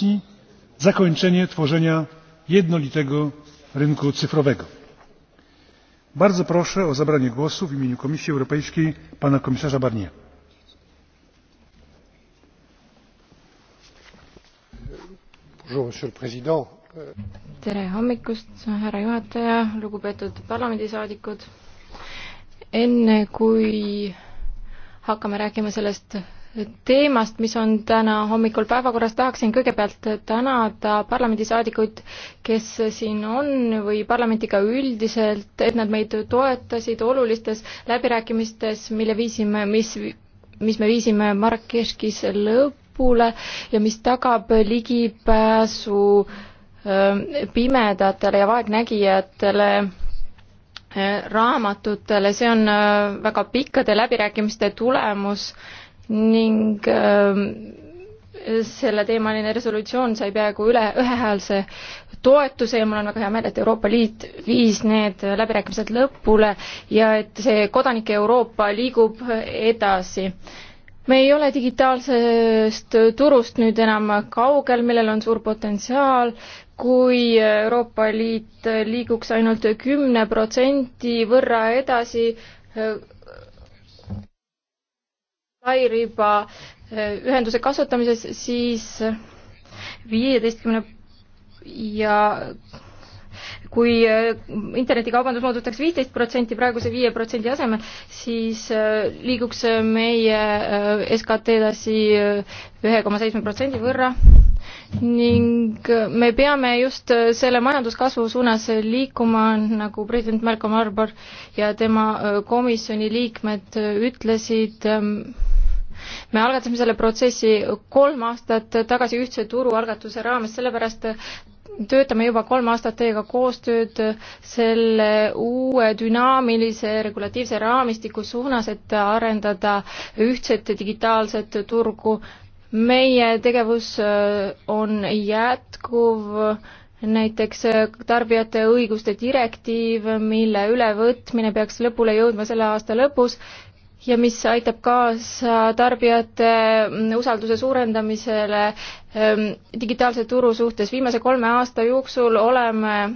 komisji zakończenie tworzenia jednolitego rynku cyfrowego. bardzo proszę o zabranie głosu w imieniu komisji europejskiej pana komisarza barniera. tere hommikust härra juhataja lugupeetud parlamendisaadikud! enne kui hakkame rääkima sellest teemast, mis on täna hommikul päevakorras, tahaksin kõigepealt tänada parlamendisaadikuid, kes siin on või parlamenti ka üldiselt, et nad meid toetasid olulistes läbirääkimistes, mille viisime, mis, mis me viisime Marrakechis lõpule ja mis tagab ligipääsu ähm, pimedatele ja vaegnägijatele äh, raamatutele, see on äh, väga pikkade läbirääkimiste tulemus ning ähm, selleteemaline resolutsioon sai peaaegu üle ühehäälse toetuse ja mul on väga hea meel, et Euroopa Liit viis need läbirääkimised lõpule ja et see kodanike Euroopa liigub edasi me ei ole digitaalsest turust nüüd enam kaugel, millel on suur potentsiaal, kui Euroopa Liit liiguks ainult kümne protsendi võrra edasi lairiba eh, ühenduse kasutamises, siis viieteistkümne ja kui äh, internetikaubandus moodustatakse viisteist protsenti praeguse viie protsendi asemel, siis äh, liiguks äh, meie SKT edasi ühe koma seitsme protsendi võrra ning me peame just selle majanduskasvu suunas liikuma, nagu president Malcolm Harbour ja tema komisjoni liikmed ütlesid, ähm, me algatasime selle protsessi kolm aastat tagasi ühtse turu algatuse raames, sellepärast töötame juba kolm aastat teiega koostööd selle uue dünaamilise regulatiivse raamistiku suunas, et arendada ühtset digitaalset turgu. meie tegevus äh, on jätkuv, näiteks äh, tarbijate õiguste direktiiv, mille ülevõtmine peaks lõpule jõudma selle aasta lõpus ja mis aitab kaasa tarbijate usalduse suurendamisele ähm, digitaalse turu suhtes. viimase kolme aasta jooksul oleme äh,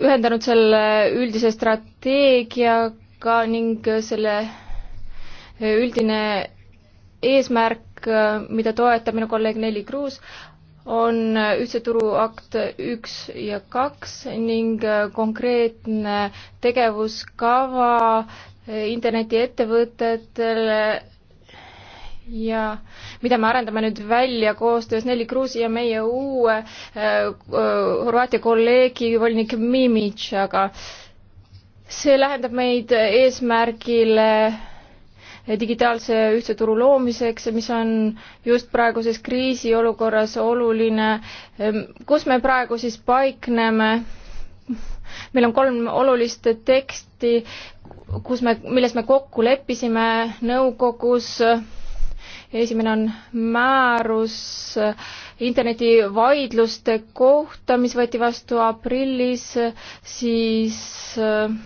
ühendanud selle üldise strateegiaga ning selle äh, üldine eesmärk, äh, mida toetab minu kolleeg Nelli Kruus, on Ühtse Turu akt üks ja kaks ning konkreetne tegevuskava internetiettevõtetele ja mida me arendame nüüd välja koostöös Nelli Kruusi ja meie uue äh, Horvaatia kolleegi volinik Mimitšaga. see lähendab meid eesmärgile äh, digitaalse ühtse turu loomiseks, mis on just praeguses kriisiolukorras oluline. Ehm, kus me praegu siis paikneme? meil on kolm olulist teksti, kus me, milles me kokku leppisime nõukogus esimene on määrus internetivaidluste kohta, mis võeti vastu aprillis, siis ehm,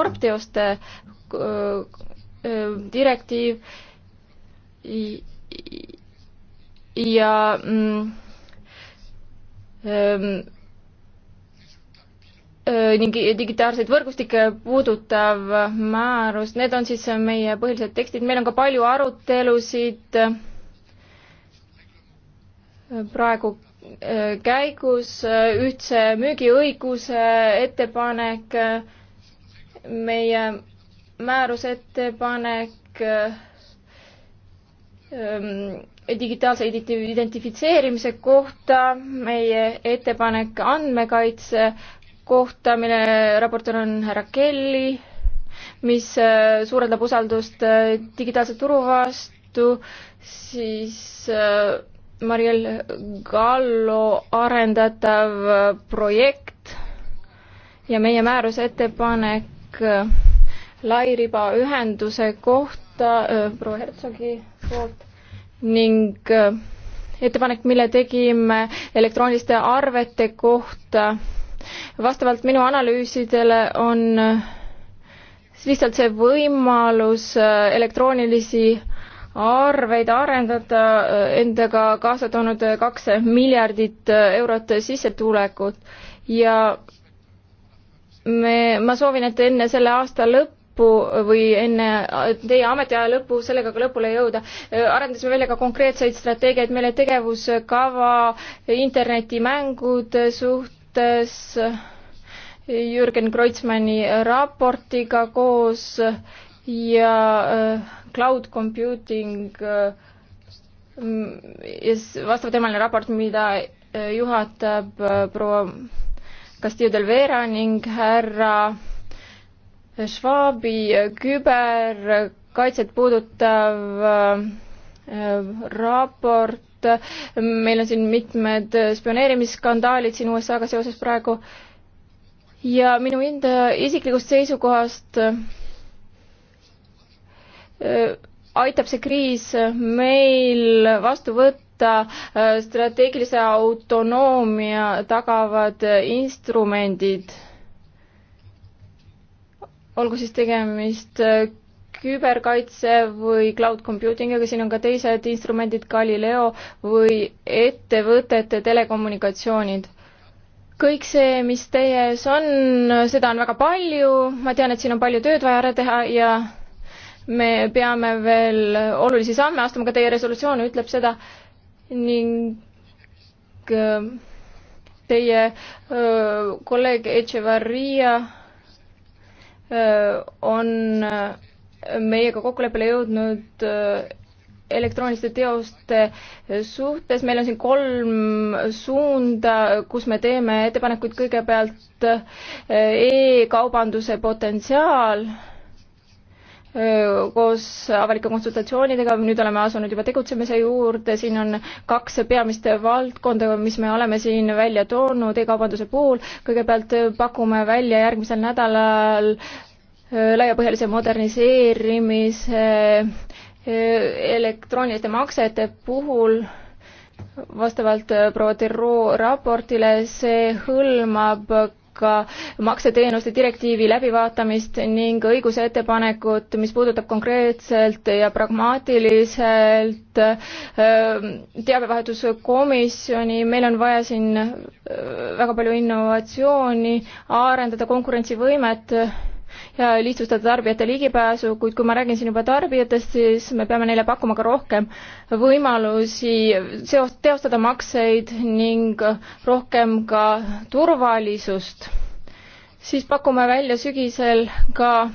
korrupteoste äh, direktiiv ja mm, ähm, äh, ning digitaalseid võrgustikke puudutav määrus, need on siis meie põhilised tekstid, meil on ka palju arutelusid äh, praegu käigus, ühtse müügiõiguse ettepanek äh, meie määrusettepanek ähm, digitaalse identifitseerimise kohta, meie ettepanek andmekaitse kohta, mille raportöör on härra Kelly, mis äh, suurendab usaldust äh, digitaalse turu vastu, siis äh, Mariel Gallo arendatav projekt ja meie määruse ettepanek lairibaühenduse kohta äh, proua Hertsogi poolt ning äh, ettepanek, mille tegime elektrooniliste arvete kohta. vastavalt minu analüüsidele on äh, lihtsalt see võimalus elektroonilisi arveid arendada endaga kaasa toonud kaks miljardit eurot sissetulekut ja me, ma soovin, et enne selle aasta lõppu või enne teie ametiaja lõppu sellega ka lõpule jõuda. arendasime välja ka konkreetseid strateegiaid, meil on tegevuskava internetimängud suhtes Jürgen Kreutzmanni raportiga koos ja äh, cloud computing äh, ja vastava teemaline raport, mida äh, juhatab proua Castillo del Vera ning härra Schwabi küberkaitset puudutav äh, raport, meil on siin mitmed spioneerimisskandaalid siin USA-ga seoses praegu ja minu enda isiklikust seisukohast äh, aitab see kriis meil vastu võtta kohta äh, strateegilise autonoomia tagavad instrumendid, olgu siis tegemist äh, küberkaitse või cloud computing, aga siin on ka teised instrumendid, Galileo või ettevõtete telekommunikatsioonid. kõik see, mis teie ees on, seda on väga palju, ma tean, et siin on palju tööd vaja ära teha ja me peame veel olulisi samme astuma, ka teie resolutsioon ütleb seda, ning ähm, teie äh, kolleeg Echevarria äh, on äh, meiega kokkuleppele jõudnud elektrooniliste teoste suhtes, meil on siin kolm suunda, kus me teeme ettepanekuid, kõigepealt e-kaubanduse potentsiaal koos avalike konsultatsioonidega, nüüd oleme asunud juba tegutsemise juurde, siin on kaks peamist valdkonda, mis me oleme siin välja toonud e-kaubanduse puhul, kõigepealt pakume välja järgmisel nädalal laiapõhjalise moderniseerimise elektrooniliste maksete puhul vastavalt proua Tiro raportile, see hõlmab ka makseteenuste direktiivi läbivaatamist ning õiguse ettepanekut, mis puudutab konkreetselt ja pragmaatiliselt ähm, teabevahetuskomisjoni, meil on vaja siin äh, väga palju innovatsiooni, arendada konkurentsivõimet ja lihtsustada tarbijate ligipääsu, kuid kui ma räägin siin juba tarbijatest, siis me peame neile pakkuma ka rohkem võimalusi seost, teostada makseid ning rohkem ka turvalisust. siis pakume välja sügisel ka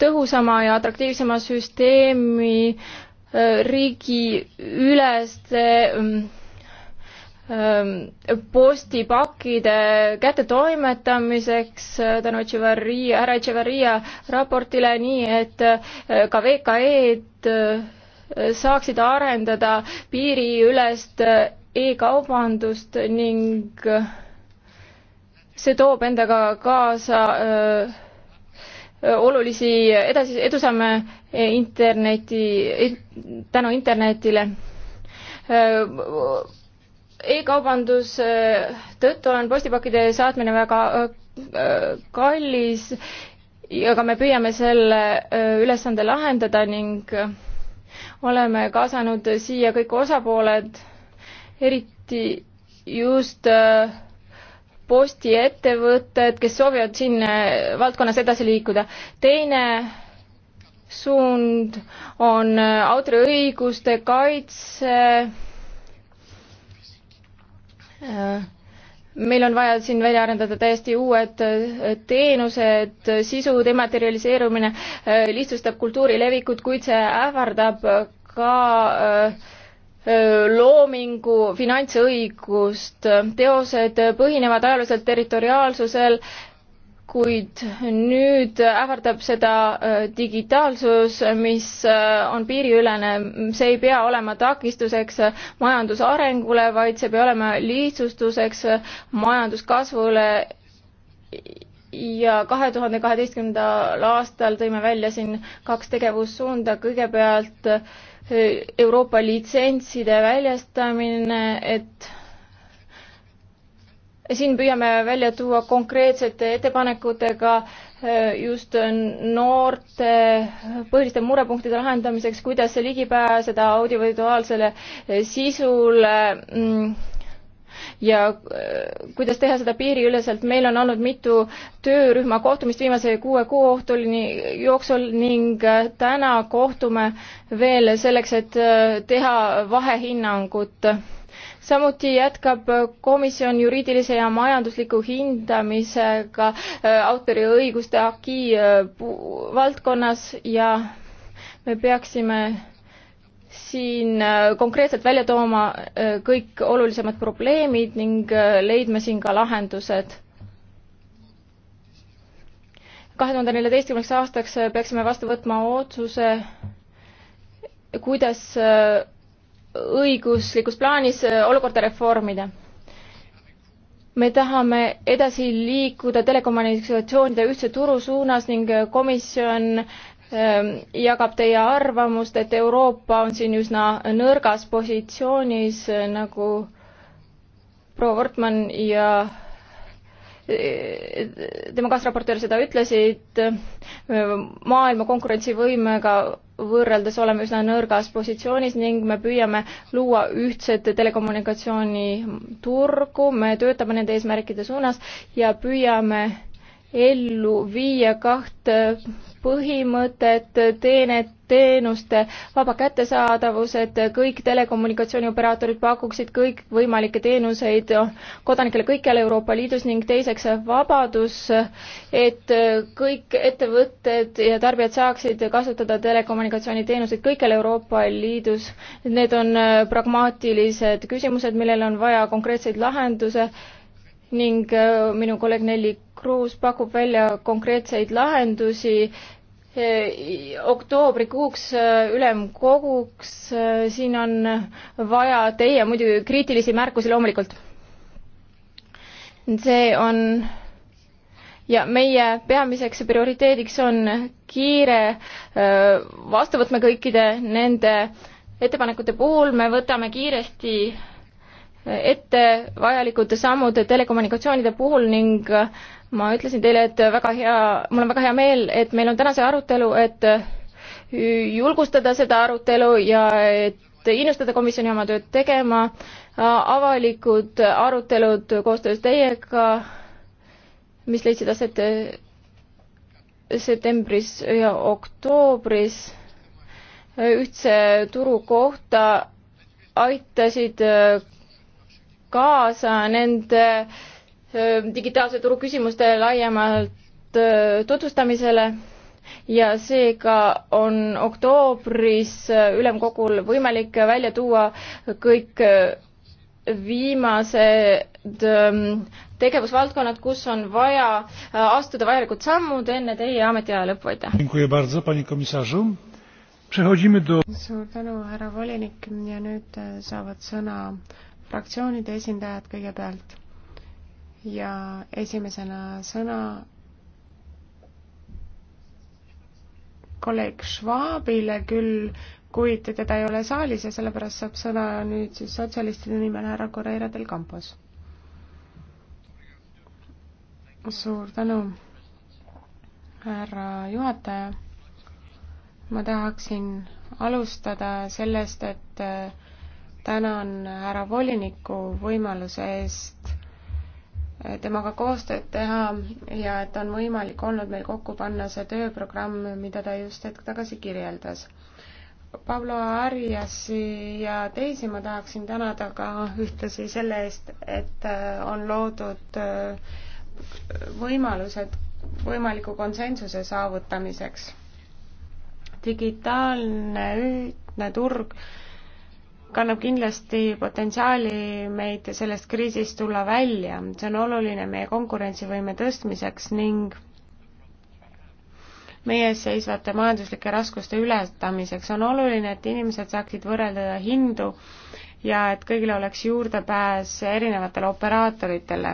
tõhusama ja atraktiivsema süsteemi äh, riigiüleste mm, Ehm, postipakkide kättetoimetamiseks äh, tänu Echevarria, härra Echevarria raportile, nii et äh, ka VKE-d äh, saaksid arendada piiriülest e-kaubandust ning see toob endaga kaasa öö, olulisi edasi, edusamme interneti, tänu internetile e-kaubanduse äh, tõttu on postipakkide saatmine väga äh, kallis, aga me püüame selle äh, ülesande lahendada ning oleme kaasanud siia kõik osapooled, eriti just postiettevõtted, kes soovivad siin valdkonnas edasi liikuda. teine suund on autoriõiguste kaitse Äh, meil on vaja siin välja arendada täiesti uued äh, teenused, sisu dematerialiseerumine äh, lihtsustab kultuuri levikut, kuid see ähvardab ka loomingu finantsõigust. teosed põhinevad ajalooliselt territoriaalsusel kuid nüüd ähvardab seda äh, digitaalsus, mis äh, on piiriülene, see ei pea olema takistuseks äh, majandusarengule, vaid see peab olema lihtsustuseks majanduskasvule ja kahe tuhande kaheteistkümnendal aastal tõime välja siin kaks tegevussuunda, kõigepealt Euroopa litsentside väljastamine, et siin püüame välja tuua konkreetsete ettepanekutega äh, just noorte põhiliste murepunktide lahendamiseks, kuidas ligi pääseda audiovisuaalsele äh, sisule mm, ja äh, kuidas teha seda piiriüleselt. meil on olnud mitu töörühma kohtumist viimase kuue kuu ohtuni jooksul ning täna kohtume veel selleks, et teha vahehinnangut samuti jätkab komisjon juriidilise ja majandusliku hindamisega äh, autoriõiguste aki äh, valdkonnas ja me peaksime siin äh, konkreetselt välja tooma kõik olulisemad probleemid ning leidma siin ka lahendused. kahe tuhande neljateistkümneks aastaks peaksime vastu võtma otsuse, kuidas õiguslikus plaanis äh, olukorda reformida. me tahame edasi liikuda telekommunikatsioonide ühtse turu suunas ning äh, komisjon ähm, jagab teie arvamust, et Euroopa on siin üsna nõrgas positsioonis, äh, nagu proua Wortmann ja tema kaasraportöör seda ütlesid, maailma konkurentsivõimega võrreldes oleme üsna nõrgas positsioonis ning me püüame luua ühtset telekommunikatsiooniturgu, me töötame nende eesmärkide suunas ja püüame ellu viia kahte põhimõtet, teene, teenuste vaba kättesaadavus, et kõik telekommunikatsioonioperaatorid pakuksid kõikvõimalikke teenuseid kodanikele kõikjal Euroopa Liidus ning teiseks vabadus, et kõik ettevõtted ja tarbijad saaksid kasutada telekommunikatsiooniteenuseid kõikjal Euroopa Liidus. Need on pragmaatilised küsimused, millele on vaja konkreetseid lahenduse ning minu kolleeg Nelli Kruus pakub välja konkreetseid lahendusi oktoobrikuuks äh, ülemkoguks, äh, siin on vaja teie muidugi kriitilisi märkusi loomulikult. see on ja meie peamiseks prioriteediks on kiire äh, vastuvõtme kõikide nende ettepanekute puhul, me võtame kiiresti ette vajalikud sammud telekommunikatsioonide puhul ning ma ütlesin teile, et väga hea, mul on väga hea meel, et meil on täna see arutelu, et julgustada seda arutelu ja et innustada komisjoni oma tööd tegema, avalikud arutelud koostöös teiega, mis leidsid aset septembris ja oktoobris ühtse turu kohta, aitasid kaasa nende äh, digitaalse turu küsimuste laiemalt tutvustamisele ja seega on oktoobris ülemkogul võimalik välja tuua kõik viimased tegevusvaldkonnad, kus on vaja astuda vajalikud sammud enne teie ametiaja lõppu, aitäh! suur tänu, härra volinik ja nüüd e, saavad sõna fraktsioonide esindajad kõigepealt ja esimesena sõna kolleeg Schwabile küll, kuid teda ei ole saalis ja sellepärast saab sõna nüüd siis sotsialistide nimel härra Correira del Campos. suur tänu, härra juhataja. ma tahaksin alustada sellest, et tänan härra voliniku võimaluse eest temaga koostööd teha ja et on võimalik olnud meil kokku panna see tööprogramm, mida ta just hetk tagasi kirjeldas. Pablo Ariasi ja teisi ma tahaksin tänada ka ühtlasi selle eest, et äh, on loodud äh, võimalused võimaliku konsensuse saavutamiseks. digitaalne ühtne turg kannab kindlasti potentsiaali meid sellest kriisist tulla välja, see on oluline meie konkurentsivõime tõstmiseks ning meie ees seisvate majanduslike raskuste ületamiseks on oluline, et inimesed saaksid võrrelda hindu ja et kõigil oleks juurdepääs erinevatele operaatoritele.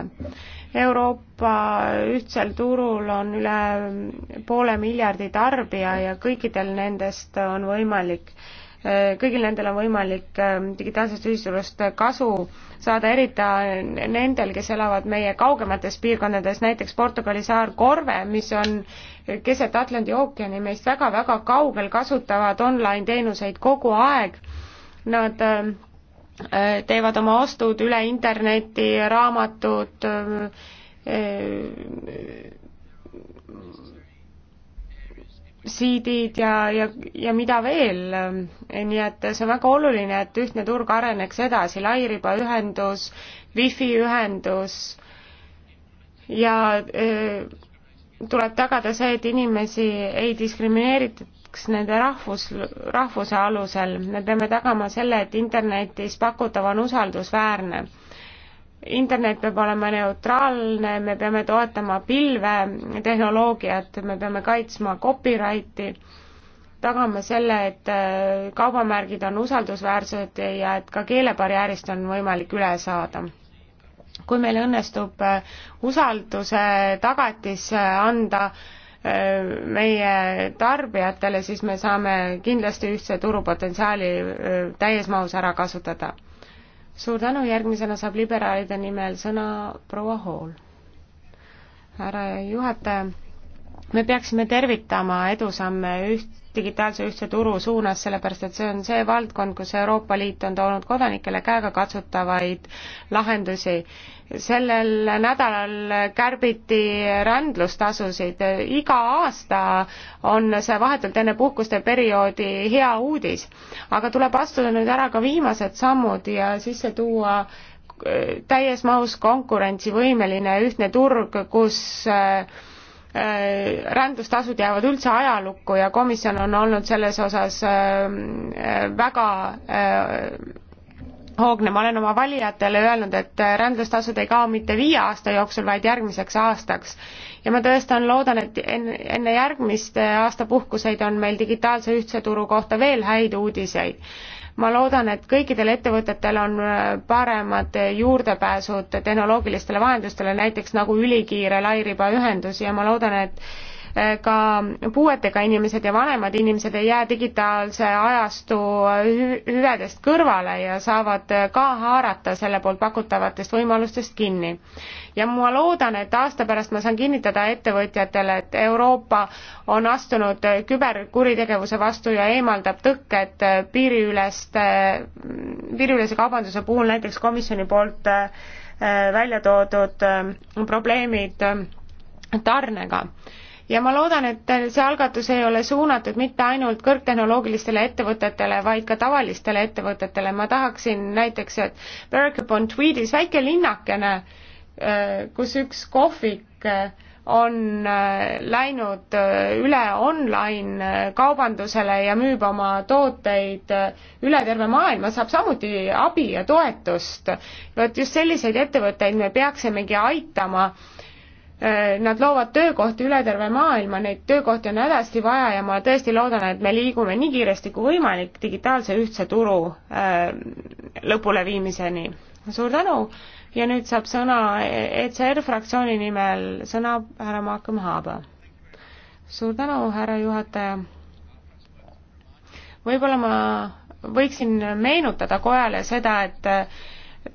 Euroopa ühtsel turul on üle poole miljardi tarbija ja kõikidel nendest on võimalik äh, kõigil nendel on võimalik äh, digitaalsest ühisturust kasu saada, eriti nendel, kes elavad meie kaugemates piirkondades, näiteks Portugali saar Korve, mis on keset Atlandi ookeani meist väga-väga kaugel, kasutavad online teenuseid kogu aeg. Nad äh, teevad oma ostud üle interneti, raamatud, äh, CD-d ja, ja, ja mida veel, nii et see on väga oluline, et ühtne turg areneks edasi, lairibaühendus, wifi ühendus ja öö, äh, tuleb tagada see, et inimesi ei diskrimineeritaks nende rahvus, rahvuse alusel, me peame tagama selle, et internetis pakutav on usaldusväärne internet peab olema neutraalne, me peame toetama pilvetehnoloogiat, me peame kaitsma copyrighti, tagama selle, et äh, kaubamärgid on usaldusväärsed ja et ka keelebarjäärist on võimalik üle saada. kui meil õnnestub äh, usalduse tagatis äh, anda meie tarbijatele, siis me saame kindlasti ühtse turupotentsiaali täies mahus ära kasutada suur tänu, järgmisena saab liberaalide nimel sõna proua Hall. härra juhataja me peaksime tervitama edusamme üht, digitaalse ühtse turu suunas, sellepärast et see on see valdkond, kus Euroopa Liit on toonud kodanikele käegakatsutavaid lahendusi. sellel nädalal kärbiti rändlustasusid, iga aasta on see vahetult enne puhkuste perioodi hea uudis. aga tuleb astuda nüüd ära ka viimased sammud ja sisse tuua äh, täies mahus konkurentsivõimeline ühtne turg, kus äh, Äh, rändustasud jäävad üldse ajalukku ja komisjon on olnud selles osas äh, äh, väga hoogne, ma olen oma valijatele öelnud, et rändustasud ei kao mitte viie aasta jooksul, vaid järgmiseks aastaks. ja ma tõestan, loodan, et enne järgmist aastapuhkuseid on meil digitaalse ühtse turu kohta veel häid uudiseid ma loodan, et kõikidel ettevõtetel on äh, paremad äh, juurdepääsud tehnoloogilistele vahendustele, näiteks nagu ülikiire lairibaühendus ja ma loodan, et ka puuetega inimesed ja vanemad inimesed ei jää digitaalse ajastu hüvedest kõrvale ja saavad ka haarata selle poolt pakutavatest võimalustest kinni. ja ma loodan, et aasta pärast ma saan kinnitada ettevõtjatele, et Euroopa on astunud küberkuritegevuse vastu ja eemaldab tõkked piiriüleste, piiriülese kaubanduse puhul näiteks komisjoni poolt äh, välja toodud äh, probleemid äh, tarnega ja ma loodan, et see algatus ei ole suunatud mitte ainult kõrgtehnoloogilistele ettevõtetele, vaid ka tavalistele ettevõtetele, ma tahaksin näiteks, et Berkeley Pontweedis väike linnakene, äh, kus üks kohvik äh, on äh, läinud üle online kaubandusele ja müüb oma tooteid üle terve maailma, saab samuti abi ja toetust. vot just selliseid ettevõtteid me peaksimegi aitama Äh, nad loovad töökohti üle terve maailma, neid töökohti on hädasti vaja ja ma tõesti loodan, et me liigume nii kiiresti kui võimalik digitaalse ühtse turu äh, lõpuleviimiseni. suur tänu ja nüüd saab sõna ECR fraktsiooni nimel sõna härra Malcolm Harbour. suur tänu, härra juhataja. võib-olla ma võiksin meenutada kojale seda, et äh,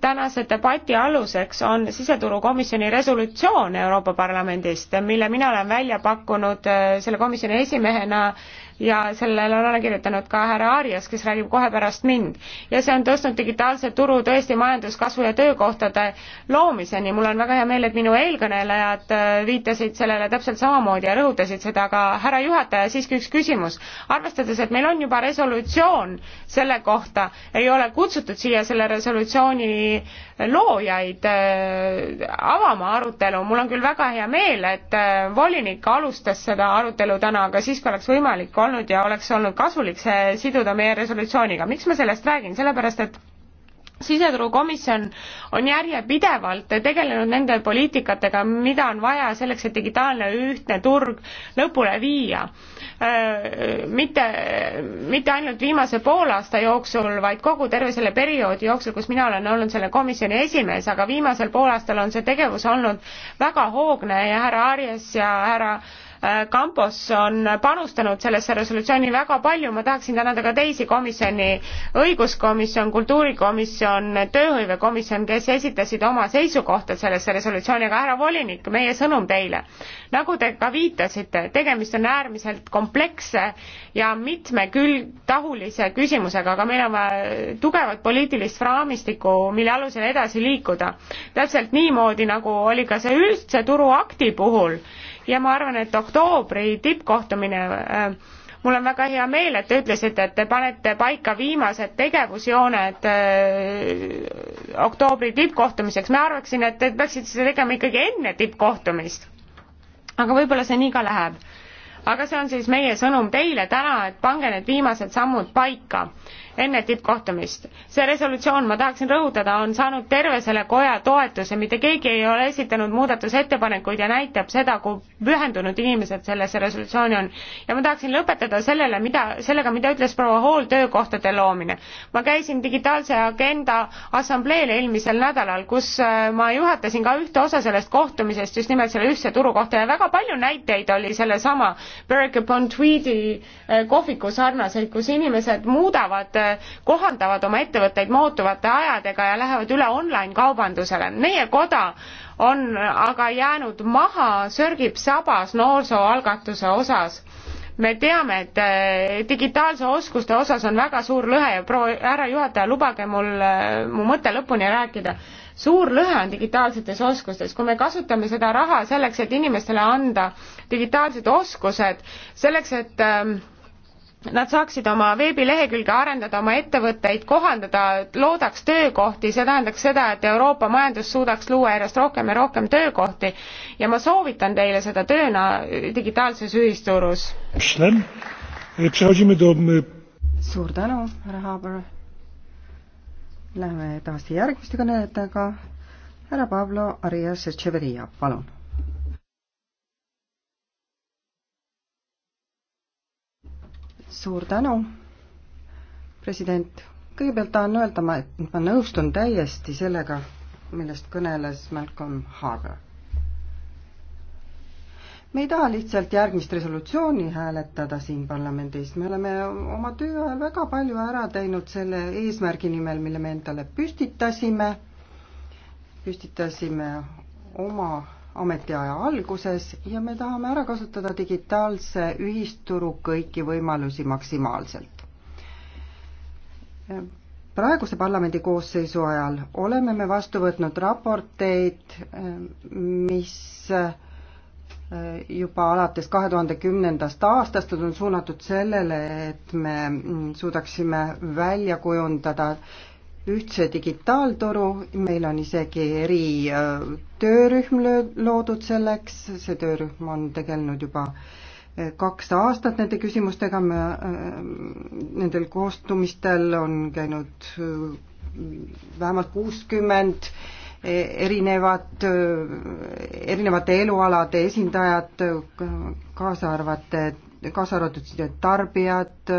tänase debati aluseks on siseturukomisjoni resolutsioon Euroopa Parlamendist, mille mina olen välja pakkunud äh, selle komisjoni esimehena ja sellele on alla kirjutanud ka härra Arias, kes räägib kohe pärast mind. ja see on tõstnud digitaalse turu tõesti majanduskasvu ja töökohtade loomiseni, mul on väga hea meel, et minu eelkõnelejad äh, viitasid sellele täpselt samamoodi ja rõhutasid seda ka, härra juhataja, siiski üks küsimus. arvestades, et meil on juba resolutsioon selle kohta, ei ole kutsutud siia selle resolutsiooni loojaid äh, avama arutelu, mul on küll väga hea meel, et äh, volinik alustas seda arutelu täna, aga siiski oleks võimalik olnud ja oleks olnud kasulik see siduda meie resolutsiooniga. miks ma sellest räägin, sellepärast et siseturukomisjon on järjepidevalt tegelenud nende poliitikatega, mida on vaja selleks, et digitaalne ühtne turg lõpule viia. mitte, mitte ainult viimase poolaasta jooksul, vaid kogu terve selle perioodi jooksul, kus mina olen olnud selle komisjoni esimees, aga viimasel poolaastal on see tegevus olnud väga hoogne ja härra Arjes ja härra äh, Äh, Campos on panustanud sellesse resolutsiooni väga palju, ma tahaksin tänada ka teisi komisjoni, õiguskomisjon, kultuurikomisjon, tööhõivekomisjon, kes esitasid oma seisukohta sellesse resolutsiooni, aga härra volinik, meie sõnum teile. nagu te ka viitasite, tegemist on äärmiselt kompleksse ja mitmekülgtahulise küsimusega, aga meil on vaja tugevat poliitilist raamistikku, mille alusel edasi liikuda. täpselt niimoodi, nagu oli ka see üldse turuakti puhul ja ma arvan, et oktoobri tippkohtumine äh, mul on väga hea meel, et te ütlesite, et te panete paika viimased tegevusjooned öö, äh, oktoobri tippkohtumiseks. ma arvaksin, et te peaksite seda tegema ikkagi enne tippkohtumist. aga võib-olla see nii ka läheb. aga see on siis meie sõnum teile täna, et pange need viimased sammud paika enne tippkohtumist. see resolutsioon, ma tahaksin rõhutada, on saanud terve selle koja toetuse, mitte keegi ei ole esitanud muudatusettepanekuid ja näitab seda, kui pühendunud inimesed sellesse resolutsiooni on. ja ma tahaksin lõpetada sellele, mida, sellega, mida ütles proua Hall, töökohtade loomine. ma käisin digitaalse agenda assambleel eelmisel nädalal, kus äh, ma juhatasin ka ühte osa sellest kohtumisest just nimelt selle ühtse turu kohta ja väga palju näiteid oli sellesama Berg upon Tweedi äh, kohviku sarnaselt, kus inimesed muudavad äh, kohandavad oma ettevõtteid muutuvate ajadega ja lähevad üle online kaubandusele. meie koda on aga jäänud maha, sörgib sabas noorsooalgatuse osas me teame, et eh, digitaalse oskuste osas on väga suur lõhe ja proua härra juhataja, lubage mul eh, mu mõte lõpuni rääkida. suur lõhe on digitaalsetes oskustes, kui me kasutame seda raha selleks, et inimestele anda digitaalsed oskused, selleks, et äh, nad saaksid oma veebilehekülge arendada, oma ettevõtteid kohandada, loodaks töökohti, see tähendaks seda, et Euroopa majandus suudaks luua järjest rohkem ja rohkem töökohti ja ma soovitan teile seda tööna digitaalses ühisturus. E, suur tänu, härra Haaber. Läheme edasi järgmiste kõnelejatega. härra Pablo Arias Echeveria, palun suur tänu, president. kõigepealt tahan öelda, ma, ma nõustun täiesti sellega, millest kõneles Malcolm Harbour. me ei taha lihtsalt järgmist resolutsiooni hääletada siin parlamendis, me oleme oma töö ajal väga palju ära teinud selle eesmärgi nimel, mille me endale püstitasime, püstitasime oma ametiaja alguses ja me tahame ära kasutada digitaalse ühisturu kõiki võimalusi maksimaalselt. praeguse parlamendi koosseisu ajal oleme me vastu võtnud raporteid, mis eh, juba alates kahe tuhande kümnendast aastast on suunatud sellele, et me suudaksime välja kujundada ühtse digitaaltoru, meil on isegi eri äh, töörühm loodud selleks, see töörühm on tegelenud juba äh, kaks aastat nende küsimustega, me, äh, nendel kohtumistel on käinud vähemalt kuuskümmend e, erinevat, erinevate elualade esindajad, kaasa arvate, kaasa arvatud tarbijad,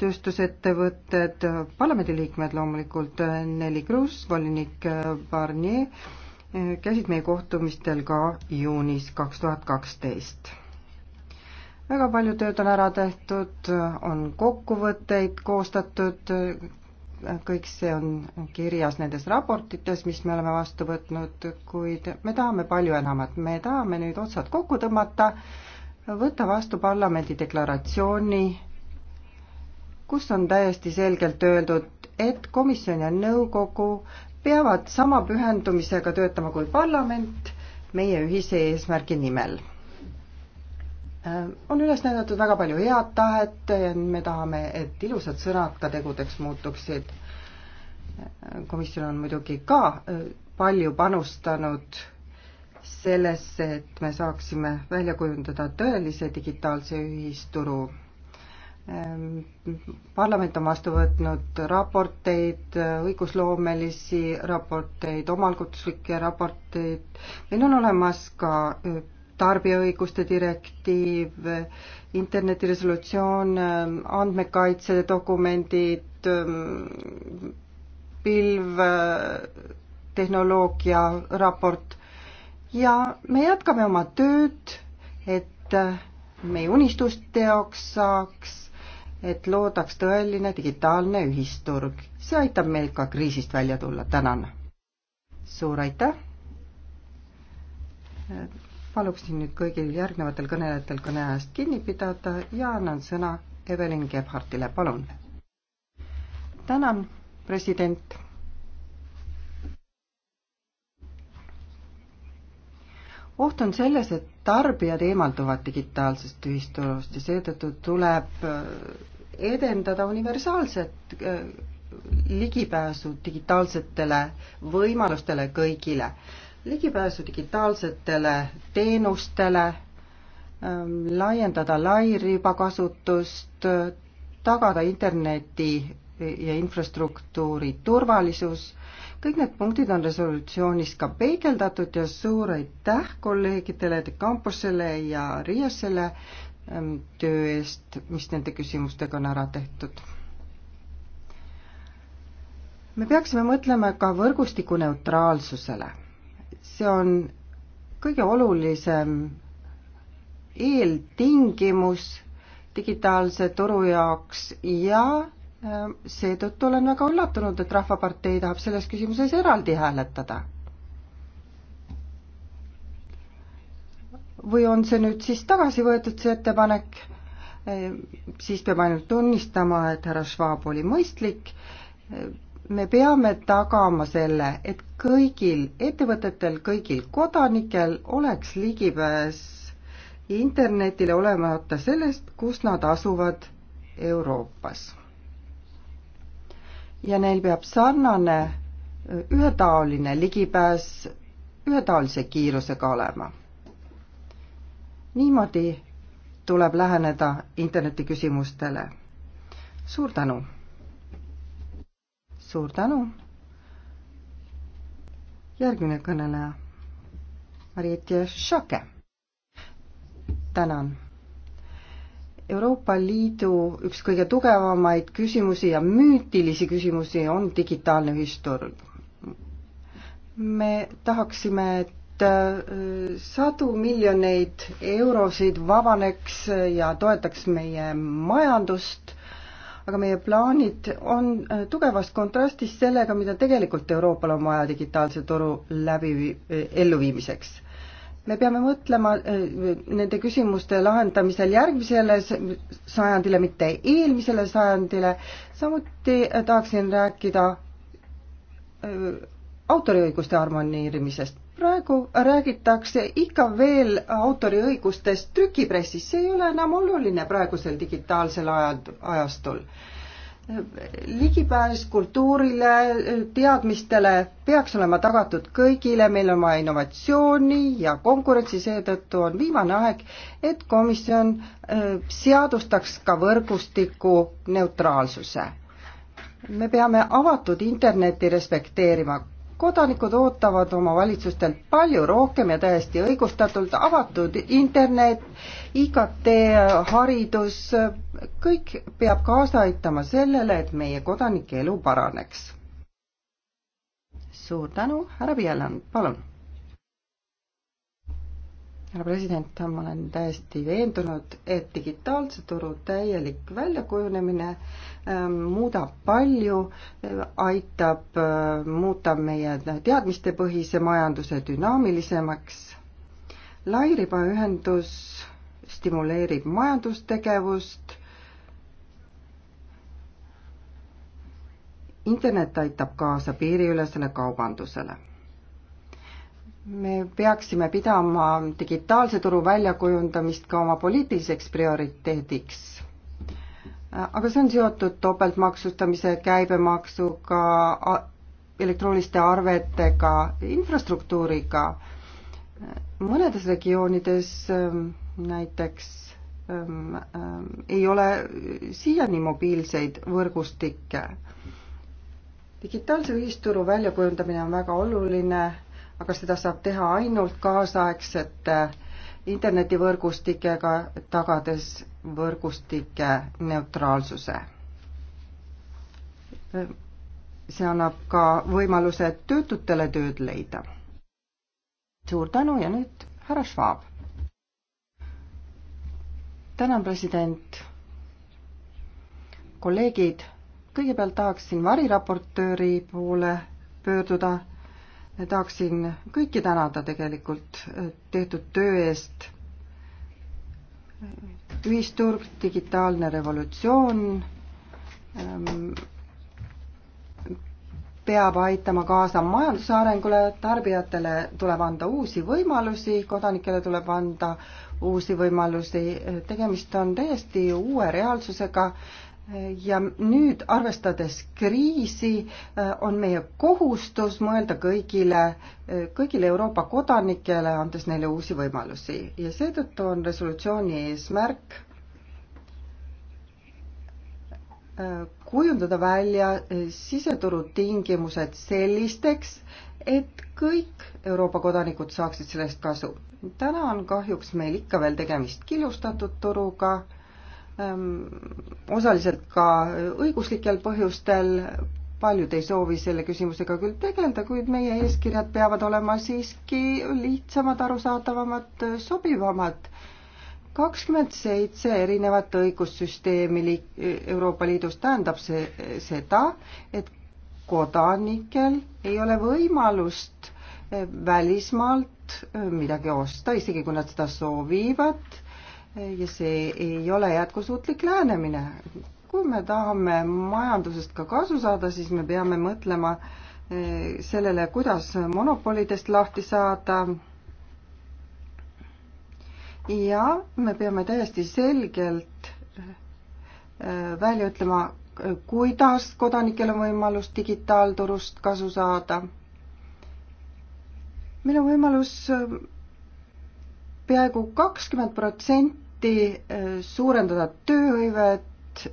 tööstusettevõtted, parlamendiliikmed loomulikult, Nelli Kruus, volinik äh, Barnier, äh, käisid meie kohtumistel ka juunis kaks tuhat kaksteist. väga palju tööd on ära tehtud, on kokkuvõtteid koostatud, äh, kõik see on kirjas nendes raportites, mis me oleme vastu võtnud, kuid me tahame palju enamat, me tahame nüüd otsad kokku tõmmata, võtta vastu parlamendi deklaratsiooni kus on täiesti selgelt öeldud, et komisjon ja nõukogu peavad sama pühendumisega töötama kui parlament meie ühise eesmärgi nimel. Äh, on üles näidatud väga palju head tahet, me tahame, et ilusad sõnad ka tegudeks muutuksid. Äh, komisjon on muidugi ka äh, palju panustanud sellesse, et me saaksime välja kujundada tõelise digitaalse ühisturu parlament on vastu võtnud raporteid, õigusloomelisi raporteid, omalgutuslikke raporteid, meil on olemas ka äh, tarbijaõiguste direktiiv, internetiresolutsioon, äh, andmekaitse dokumendid, äh, pilvtehnoloogia raport ja me jätkame oma tööd, et meie unistuste jaoks saaks et loodaks tõeline digitaalne ühisturg. see aitab meil ka kriisist välja tulla, tänan. suur aitäh. paluksin nüüd kõigil järgnevatel kõnelejatel kõneajast kinni pidada ja annan sõna Evelyn Gebhardile, palun. tänan, president oht on selles, et tarbijad eemalduvad digitaalsest ühisturust ja seetõttu tuleb edendada universaalset äh, ligipääsu digitaalsetele võimalustele kõigile, ligipääsu digitaalsetele teenustele, ähm, laiendada lairibakasutust, tagada interneti ja infrastruktuuri turvalisus, kõik need punktid on resolutsioonis ka peegeldatud ja suur aitäh kolleegidele De Camposele ja Riiasele Ähm, töö eest, mis nende küsimustega on ära tehtud. me peaksime mõtlema ka võrgustiku neutraalsusele. see on kõige olulisem eeltingimus digitaalse turu jaoks ja ähm, seetõttu olen väga üllatunud, et Rahvapartei tahab selles küsimuses eraldi hääletada või on see nüüd siis tagasi võetud, see ettepanek, siis peab ainult tunnistama, et härra Schwab oli mõistlik, me peame tagama selle, et kõigil ettevõtetel, kõigil kodanikel oleks ligipääs internetile, olemata sellest, kus nad asuvad Euroopas. ja neil peab sarnane ühetaoline ligipääs ühetaolise kiirusega olema niimoodi tuleb läheneda interneti küsimustele. suur tänu! suur tänu! järgmine kõneleja, Mariette Šake. tänan! Euroopa Liidu üks kõige tugevamaid küsimusi ja müütilisi küsimusi on digitaalne ühisturg. me tahaksime, et Äh, sadu miljoneid eurosid vabaneks ja toetaks meie majandust, aga meie plaanid on äh, tugevas kontrastis sellega, mida tegelikult Euroopal on vaja digitaalse turu läbi, äh, elluviimiseks me peame mõtlema nende küsimuste lahendamisel järgmisele sajandile, mitte eelmisele sajandile, samuti tahaksin rääkida autoriõiguste harmoneerimisest praegu räägitakse ikka veel autoriõigustest trükipressis, see ei ole enam oluline praegusel digitaalsel ajal, ajastul. ligipääs kultuurile, teadmistele peaks olema tagatud kõigile, meil on vaja innovatsiooni ja konkurentsi, seetõttu on viimane aeg, et komisjon äh, seadustaks ka võrgustiku neutraalsuse. me peame avatud Internetti respekteerima kodanikud ootavad oma valitsustelt palju rohkem ja täiesti õigustatult avatud internet, IKT, haridus, kõik peab kaasa aitama sellele, et meie kodanike elu paraneks. suur tänu, härra Pielan, palun härra president, ma olen täiesti veendunud, et digitaalse turu täielik väljakujunemine ähm, muudab palju, aitab äh, muuta meie teadmistepõhise majanduse dünaamilisemaks. lairibaühendus stimuleerib majandustegevust. internet aitab kaasa piiriülesele kaubandusele me peaksime pidama digitaalse turu väljakujundamist ka oma poliitiliseks prioriteediks. aga see on seotud topeltmaksustamise, käibemaksuga, elektrooniliste arvetega, infrastruktuuriga. mõnedes regioonides ähm, näiteks ähm, ähm, ei ole siiani mobiilseid võrgustikke. digitaalse ühisturu väljakujundamine on väga oluline aga seda saab teha ainult kaasaegsete internetivõrgustikega, tagades võrgustike neutraalsuse. see annab ka võimaluse töötutele tööd leida. suur tänu ja nüüd härra Schwab. tänan, president. kolleegid, kõigepealt tahaksin variraportööri poole pöörduda tahaksin kõiki tänada tegelikult äh, tehtud töö eest. ühisturg, digitaalne revolutsioon ähm, peab aitama kaasa majanduse arengule, tarbijatele tuleb anda uusi võimalusi, kodanikele tuleb anda uusi võimalusi, tegemist on täiesti uue reaalsusega, ja nüüd, arvestades kriisi, äh, on meie kohustus mõelda kõigile, äh, kõigile Euroopa kodanikele, andes neile uusi võimalusi ja seetõttu on resolutsiooni eesmärk äh, kujundada välja siseturu tingimused sellisteks, et kõik Euroopa kodanikud saaksid sellest kasu. täna on kahjuks meil ikka veel tegemist killustatud turuga osaliselt ka õiguslikel põhjustel, paljud ei soovi selle küsimusega küll tegeleda, kuid meie eeskirjad peavad olema siiski lihtsamad, arusaadavamad, sobivamad. kakskümmend seitse erinevat õigussüsteemi li-, Euroopa Liidus tähendab see seda, et kodanikel ei ole võimalust eh, välismaalt eh, midagi osta, isegi kui nad seda soovivad ja see ei ole jätkusuutlik lähenemine. kui me tahame majandusest ka kasu saada, siis me peame mõtlema eh, sellele, kuidas monopolidest lahti saada. ja me peame täiesti selgelt eh, välja ütlema, kuidas kodanikel on võimalus digitaalturust kasu saada. meil on võimalus eh, peaaegu kakskümmend protsenti samuti äh, suurendada tööhõivet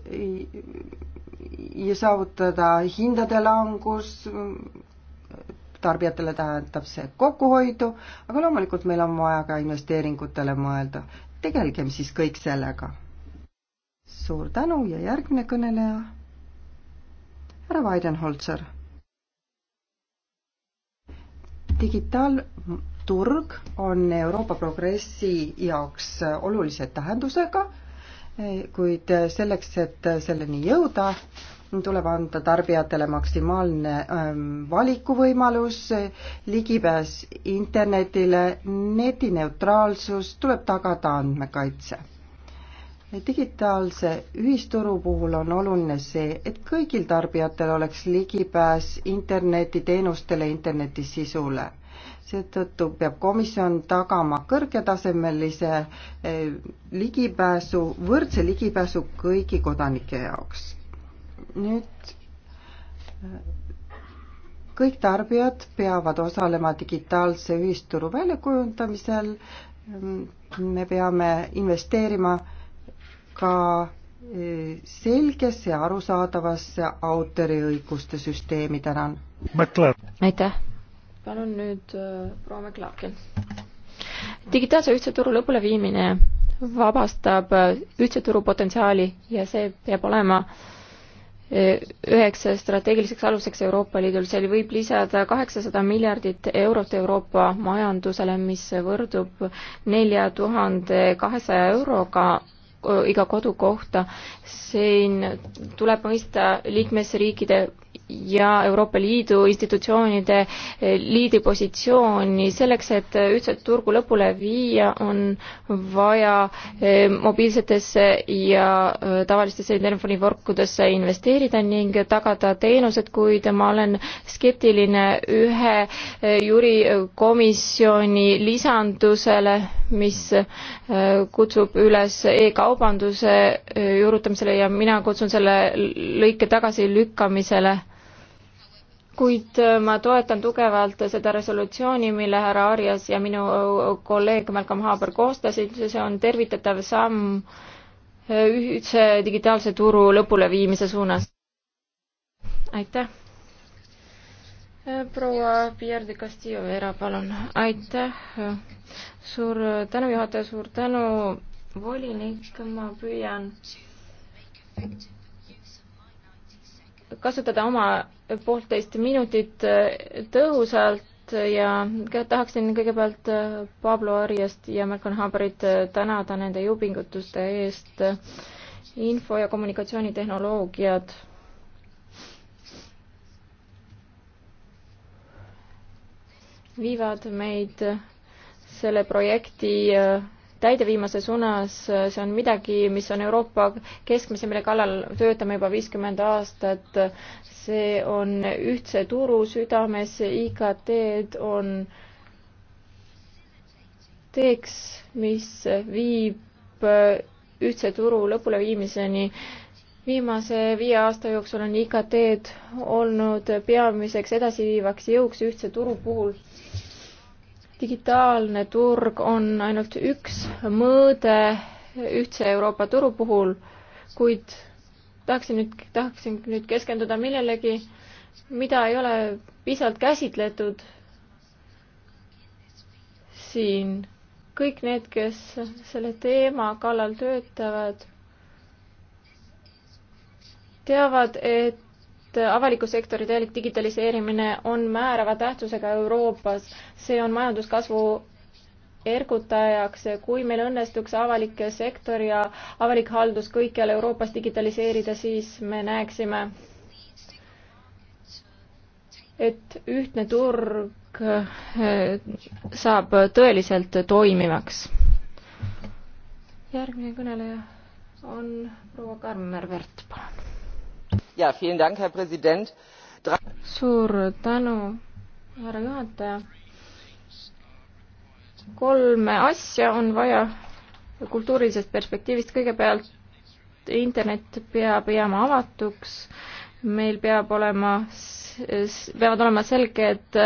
ja saavutada hindade langus, tarbijatele tähendab see kokkuhoidu, aga loomulikult meil on vaja ka investeeringutele mõelda. tegelgem siis kõik sellega. suur tänu ja järgmine kõneleja, härra Weidenholzer. digitaal turg on Euroopa progressi jaoks olulise tähendusega, kuid selleks, et selleni jõuda, tuleb anda tarbijatele maksimaalne ähm, valikuvõimalus, ligipääs internetile, netineutraalsus, tuleb tagada andmekaitse digitaalse ühisturu puhul on oluline see, et kõigil tarbijatel oleks ligipääs internetiteenustele, internetisisule seetõttu peab komisjon tagama kõrgetasemelise eh, ligipääsu, võrdse ligipääsu kõigi kodanike jaoks. nüüd eh, kõik tarbijad peavad osalema digitaalse ühisturu väljakujundamisel, me peame investeerima ka eh, selgesse ja arusaadavasse autoriõiguste süsteemi, tänan. aitäh! palun nüüd äh, proua McLaughlin. digitaalse ühtse turu lõpuleviimine vabastab äh, ühtse turu potentsiaali ja see peab olema äh, üheks strateegiliseks aluseks Euroopa Liidul, see võib lisada kaheksasada miljardit eurot Euroopa majandusele, mis võrdub nelja tuhande kahesaja euroga iga kodu kohta. siin tuleb mõista liikmesriikide ja Euroopa Liidu institutsioonide eh, liidi positsiooni. selleks, et eh, ühtset turgu lõpule viia, on vaja eh, mobiilsetesse ja tavalistesse telefonivõrkudesse investeerida ning tagada teenused, kuid ma olen skeptiline ühe jurikomisjoni lisandusele, mis kutsub üles e-kaubanduse juurutamisele ja mina kutsun selle lõike tagasilükkamisele kuid äh, ma toetan tugevalt seda resolutsiooni, mille härra Arias ja minu äh, kolleeg Malcolm Harbour koostasid, see on tervitatav samm äh, ühtse digitaalse turu lõpuleviimise suunas. aitäh. proua Pierre de Castillo Vera, palun. aitäh. suur tänu, juhataja, suur tänu, volinik, ma püüan kasutada oma poolteist minutit äh, tõhusalt ja tahaksin kõigepealt äh, Pablo Ariast ja Malcolm Haberit äh, tänada nende jõupingutuste eest info- ja kommunikatsioonitehnoloogiad viivad meid selle projekti täide viima see suunas, see on midagi, mis on Euroopa keskmise, mille kallal töötame juba viiskümmend aastat. see on ühtse turu südames, IKT-d on teeks, mis viib ühtse turu lõpuleviimiseni viimase viie aasta jooksul on IKT-d olnud peamiseks edasiviivaks jõuks ühtse turu puhul digitaalne turg on ainult üks mõõde ühtse Euroopa turu puhul, kuid tahaksin nüüd, tahaksin nüüd keskenduda millelegi, mida ei ole piisavalt käsitletud siin. kõik need, kes selle teema kallal töötavad, teavad, et avaliku sektori täielik digitaliseerimine on määrava tähtsusega Euroopas. see on majanduskasvu ergutajaks, kui meil õnnestuks avalik sektor ja avalik haldus kõikjal Euroopas digitaliseerida, siis me näeksime, et ühtne turg eh, saab tõeliselt toimivaks. järgmine kõneleja on proua Karmen Värt, palun suur tänu, härra juhataja. kolme asja on vaja kultuurilisest perspektiivist. kõigepealt internet peab jääma avatuks meil peab olema, peavad olema selged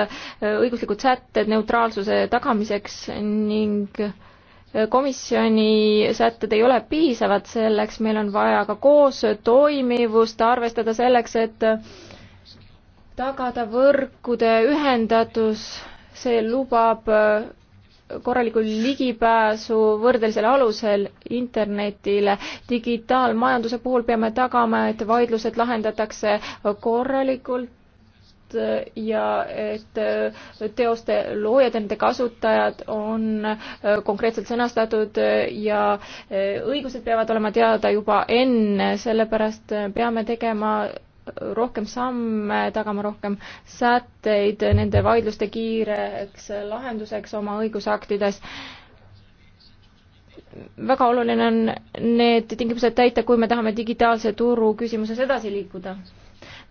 õiguslikud sätted neutraalsuse tagamiseks ning komisjoni sätted ei ole piisavad selleks, meil on vaja ka koostoimivust arvestada selleks, et tagada võrkude ühendatus, see lubab korralikku ligipääsu võrdelisel alusel internetile. digitaalmajanduse puhul peame tagama, et vaidlused lahendatakse korralikult ja et teoste loojad ja nende kasutajad on konkreetselt sõnastatud ja õigused peavad olema teada juba enne, sellepärast peame tegema rohkem samme, tagama rohkem sätteid nende vaidluste kiireks lahenduseks oma õigusaktides väga oluline on need tingimused täita, kui me tahame digitaalse turu küsimuses edasi liikuda.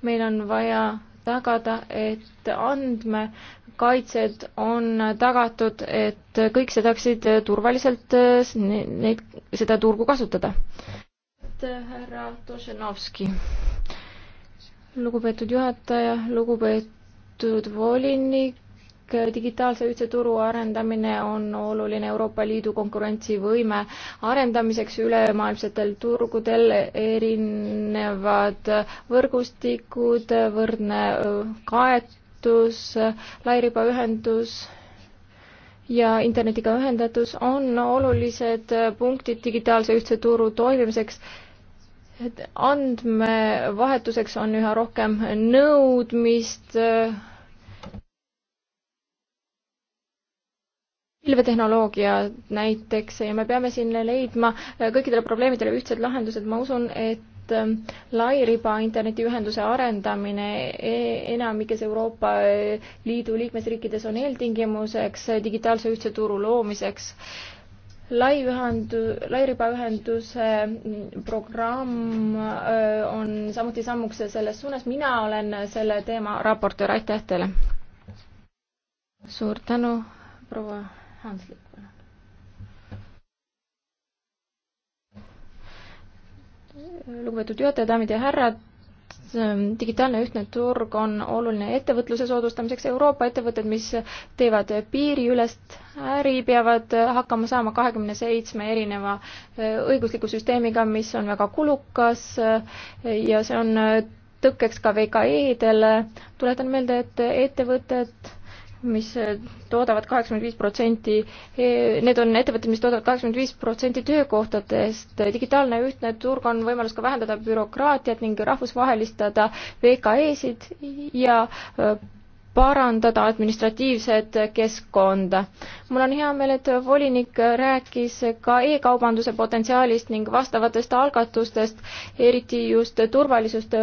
meil on vaja tagada, et andmekaitsed on tagatud, et kõik saaksid turvaliselt neid, seda turgu kasutada. härra Tošenovski, lugupeetud juhataja, lugupeetud volinik, digitaalse ühtse turu arendamine on oluline Euroopa Liidu konkurentsivõime arendamiseks ülemaailmsetel turgudel, erinevad võrgustikud, võrdne äh, kaetus, lairibaühendus ja internetiga ühendatus on olulised punktid digitaalse ühtse turu toimimiseks et andmevahetuseks on üha rohkem nõudmist äh, pilvetehnoloogia näiteks ja me peame siin leidma kõikidele probleemidele ühtsed lahendused, ma usun, et ähm, lairiba internetiühenduse arendamine e-, enamikes Euroopa äh, Liidu liikmesriikides on eeltingimuseks digitaalse ühtse turu loomiseks laiühendu-, lairibaühenduse mm, programm äh, on samuti sammuks selles suunas, mina olen selle teema raportöör, aitäh teile! suur tänu, proua Hanslik, palun. lugupeetud juhataja, daamid ja härrad, digitaalne ühtne turg on oluline ettevõtluse soodustamiseks. Euroopa ettevõtted, mis teevad piiriülest äri, peavad hakkama saama kahekümne seitsme erineva äh, õigusliku süsteemiga, mis on väga kulukas äh, ja see on äh, tõkkeks ka VKE-dele. tuletan meelde, et ettevõtted mis äh, toodavad kaheksakümmend viis protsenti, eh, need on ettevõtted, mis toodavad kaheksakümmend viis protsenti töökohtadest. digitaalne ühtne turg on võimalus ka vähendada bürokraatiat ning rahvusvahelistada VKE-sid ja äh, parandada administratiivset keskkonda. mul on hea meel, et volinik rääkis ka e-kaubanduse potentsiaalist ning vastavatest algatustest, eriti just turvalisust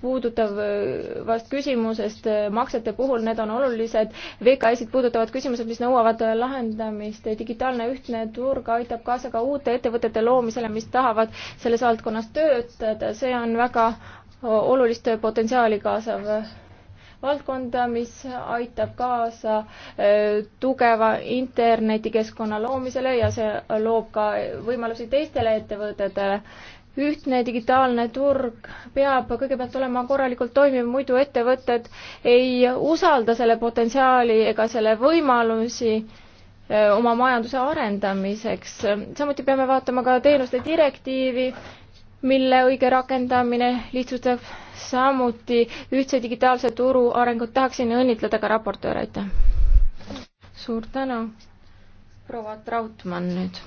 puudutavast küsimusest maksete puhul, need on olulised VKS-id puudutavad küsimused, mis nõuavad lahendamist. digitaalne ühtne turg aitab kaasa ka uute ettevõtete loomisele, mis tahavad selles valdkonnas töötada, see on väga olulist potentsiaali kaasav valdkonda, mis aitab kaasa äh, tugeva internetikeskkonna loomisele ja see loob ka võimalusi teistele ettevõtetele ühtne digitaalne turg peab kõigepealt olema korralikult toimiv, muidu ettevõtted ei usalda selle potentsiaali ega selle võimalusi äh, oma majanduse arendamiseks. samuti peame vaatama ka teenuste direktiivi, mille õige rakendamine lihtsustab samuti ühtse digitaalse turu arengut tahaksin õnnitleda ka raportööre, aitäh! suur tänu, proua Trautmann nüüd.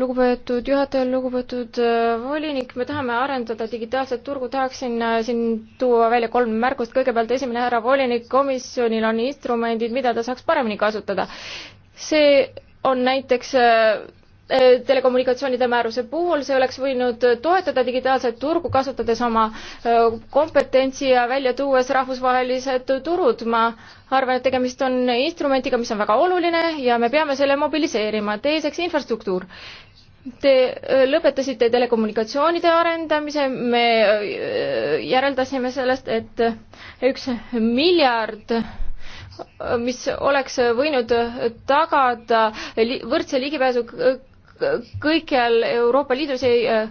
Lugupeetud juhataja, lugupeetud äh, volinik, me tahame arendada digitaalset turgu, tahaksin äh, siin tuua välja kolm märkust, kõigepealt esimene härra volinik, komisjonil on instrumendid, mida ta saaks paremini kasutada. see on näiteks äh, Äh, telekommunikatsioonide määruse puhul, see oleks võinud toetada digitaalset turgu, kasutades oma äh, kompetentsi ja välja tuues rahvusvahelised turud. ma arvan, et tegemist on instrumendiga, mis on väga oluline ja me peame selle mobiliseerima. teiseks, infrastruktuur. Te äh, lõpetasite telekommunikatsioonide arendamise, me järeldasime sellest, et üks miljard mis oleks võinud tagada võrdse ligipääsu kõikjal Euroopa Liidus ei äh,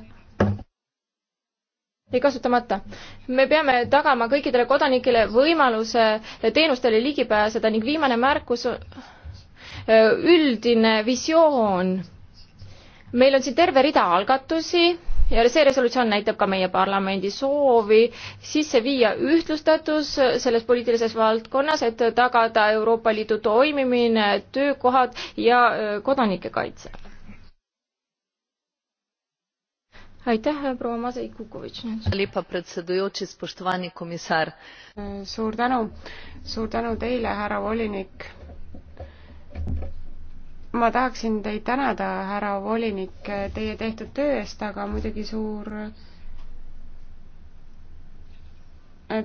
ei kasutamata. me peame tagama kõikidele kodanikele võimaluse teenustele ligi pääseda ning viimane märkus, äh, üldine visioon. meil on siin terve rida algatusi ja see resolutsioon näitab ka meie parlamendi soovi sisse viia ühtlustatus selles poliitilises valdkonnas, et tagada Euroopa Liidu toimimine, töökohad ja äh, kodanike kaitse aitäh, proua Masei Kukovitš. suur tänu, suur tänu teile, härra volinik. ma tahaksin teid tänada, härra volinik, teie tehtud töö eest, aga muidugi suur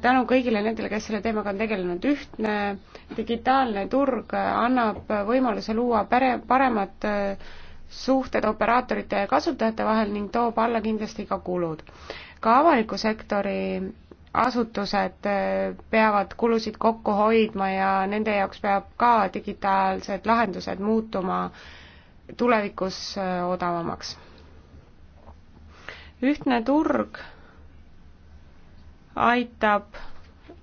tänu kõigile nendele, kes selle teemaga on tegelenud, ühtne digitaalne turg annab võimaluse luua pere, paremat suhted operaatorite ja kasutajate vahel ning toob alla kindlasti ka kulud. ka avaliku sektori asutused äh, peavad kulusid kokku hoidma ja nende jaoks peab ka digitaalsed lahendused muutuma tulevikus äh, odavamaks. ühtne turg aitab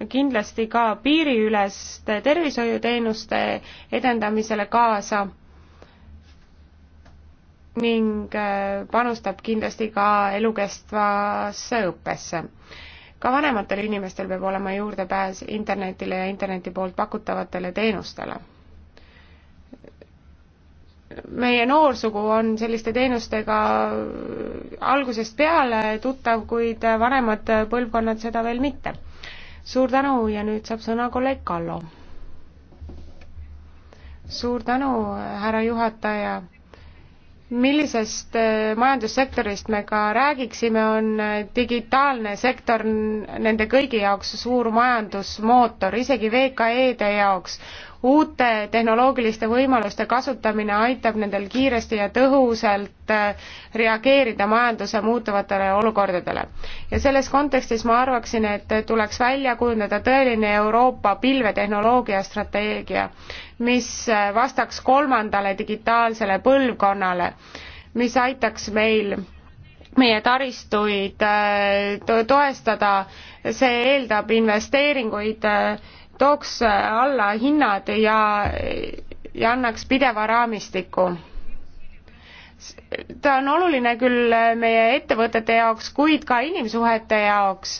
kindlasti ka piiriüleste tervishoiuteenuste edendamisele kaasa ning äh, panustab kindlasti ka elukestvasse õppesse. ka vanematel inimestel peab olema juurdepääs internetile ja interneti poolt pakutavatele teenustele. meie noorsugu on selliste teenustega algusest peale tuttav, kuid vanemad põlvkonnad seda veel mitte. suur tänu ja nüüd saab sõna kolleeg Kallo. suur tänu, härra juhataja millisest äh, majandussektorist me ka räägiksime, on äh, digitaalne sektor nende kõigi jaoks suur majandusmootor, isegi VKE-de jaoks uute tehnoloogiliste võimaluste kasutamine aitab nendel kiiresti ja tõhusalt äh, reageerida majanduse muutuvatele olukordadele. ja selles kontekstis ma arvaksin, et tuleks välja kujundada tõeline Euroopa pilvetehnoloogia strateegia, mis äh, vastaks kolmandale digitaalsele põlvkonnale, mis aitaks meil meie taristuid äh, toestada, see eeldab investeeringuid tooks alla hinnad ja, ja annaks pideva raamistiku ta on oluline küll meie ettevõtete jaoks, kuid ka inimsuhete jaoks,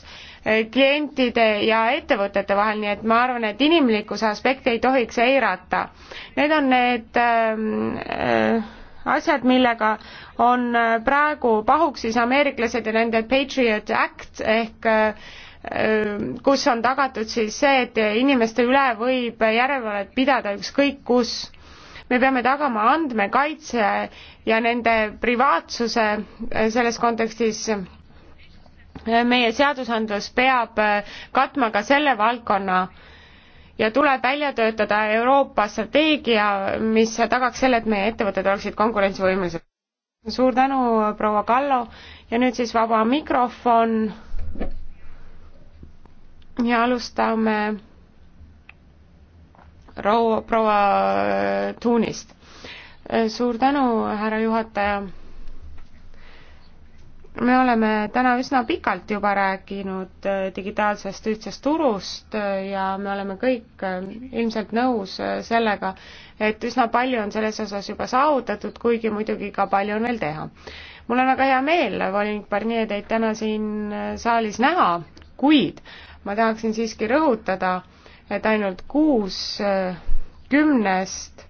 klientide ja ettevõtete vahel, nii et ma arvan, et inimlikkuse aspekti ei tohiks eirata. Need on need ähm, äh, asjad, millega on praegu pahuksis ameeriklased ja nende Patriot Act ehk äh, Ehm, kus on tagatud siis see, et inimeste üle võib järelevalvet pidada ükskõik kus. me peame tagama andmekaitse ja nende privaatsuse eh, selles kontekstis. Eh, meie seadusandlus peab eh, katma ka selle valdkonna ja tuleb välja töötada Euroopa strateegia, mis tagaks selle, et meie ettevõtted oleksid konkurentsivõimelised. suur tänu, proua Kallo ja nüüd siis vaba mikrofon ja alustame rou-, proua äh, Tuunist. Äh, suur tänu, härra juhataja. me oleme täna üsna pikalt juba rääkinud äh, digitaalsest ühtsest turust ja me oleme kõik ilmselt nõus sellega, et üsna palju on selles osas juba saavutatud, kuigi muidugi ka palju on veel teha. mul on väga hea meel, volinik Barnier, teid täna siin saalis näha, kuid ma tahaksin siiski rõhutada, et ainult kuus eh, kümnest,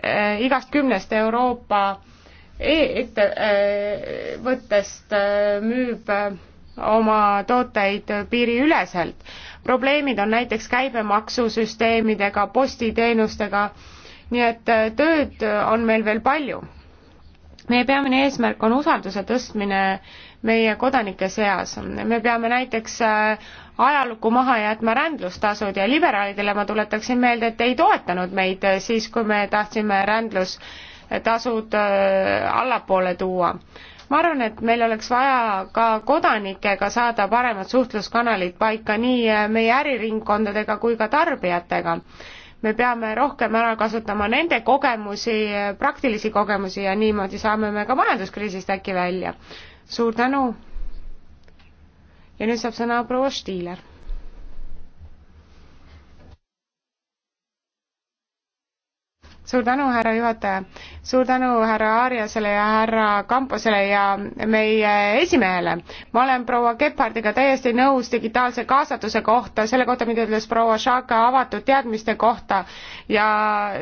eh, igast kümnest Euroopa e-ettevõttest eh, müüb oma tooteid piiriüleselt. probleemid on näiteks käibemaksusüsteemidega, postiteenustega, nii et tööd on meil veel palju meie peamine eesmärk on usalduse tõstmine meie kodanike seas. me peame näiteks äh, ajalukku maha jätma rändlustasud ja liberaalidele ma tuletaksin meelde, et ei toetanud meid äh, siis, kui me tahtsime rändlustasud äh, allapoole tuua. ma arvan, et meil oleks vaja ka kodanikega saada paremad suhtluskanalid paika nii meie äriringkondadega kui ka tarbijatega me peame rohkem ära kasutama nende kogemusi, praktilisi kogemusi ja niimoodi saame me ka majanduskriisist äkki välja suur tänu. ja nüüd saab sõna proua Stiiler. suur tänu, härra juhataja suur tänu härra Aariasele ja härra Kamposele ja meie esimehele. ma olen proua Gebhardiga täiesti nõus digitaalse kaasatuse kohta, selle kohta, mida ütles proua Šaka avatud teadmiste kohta ja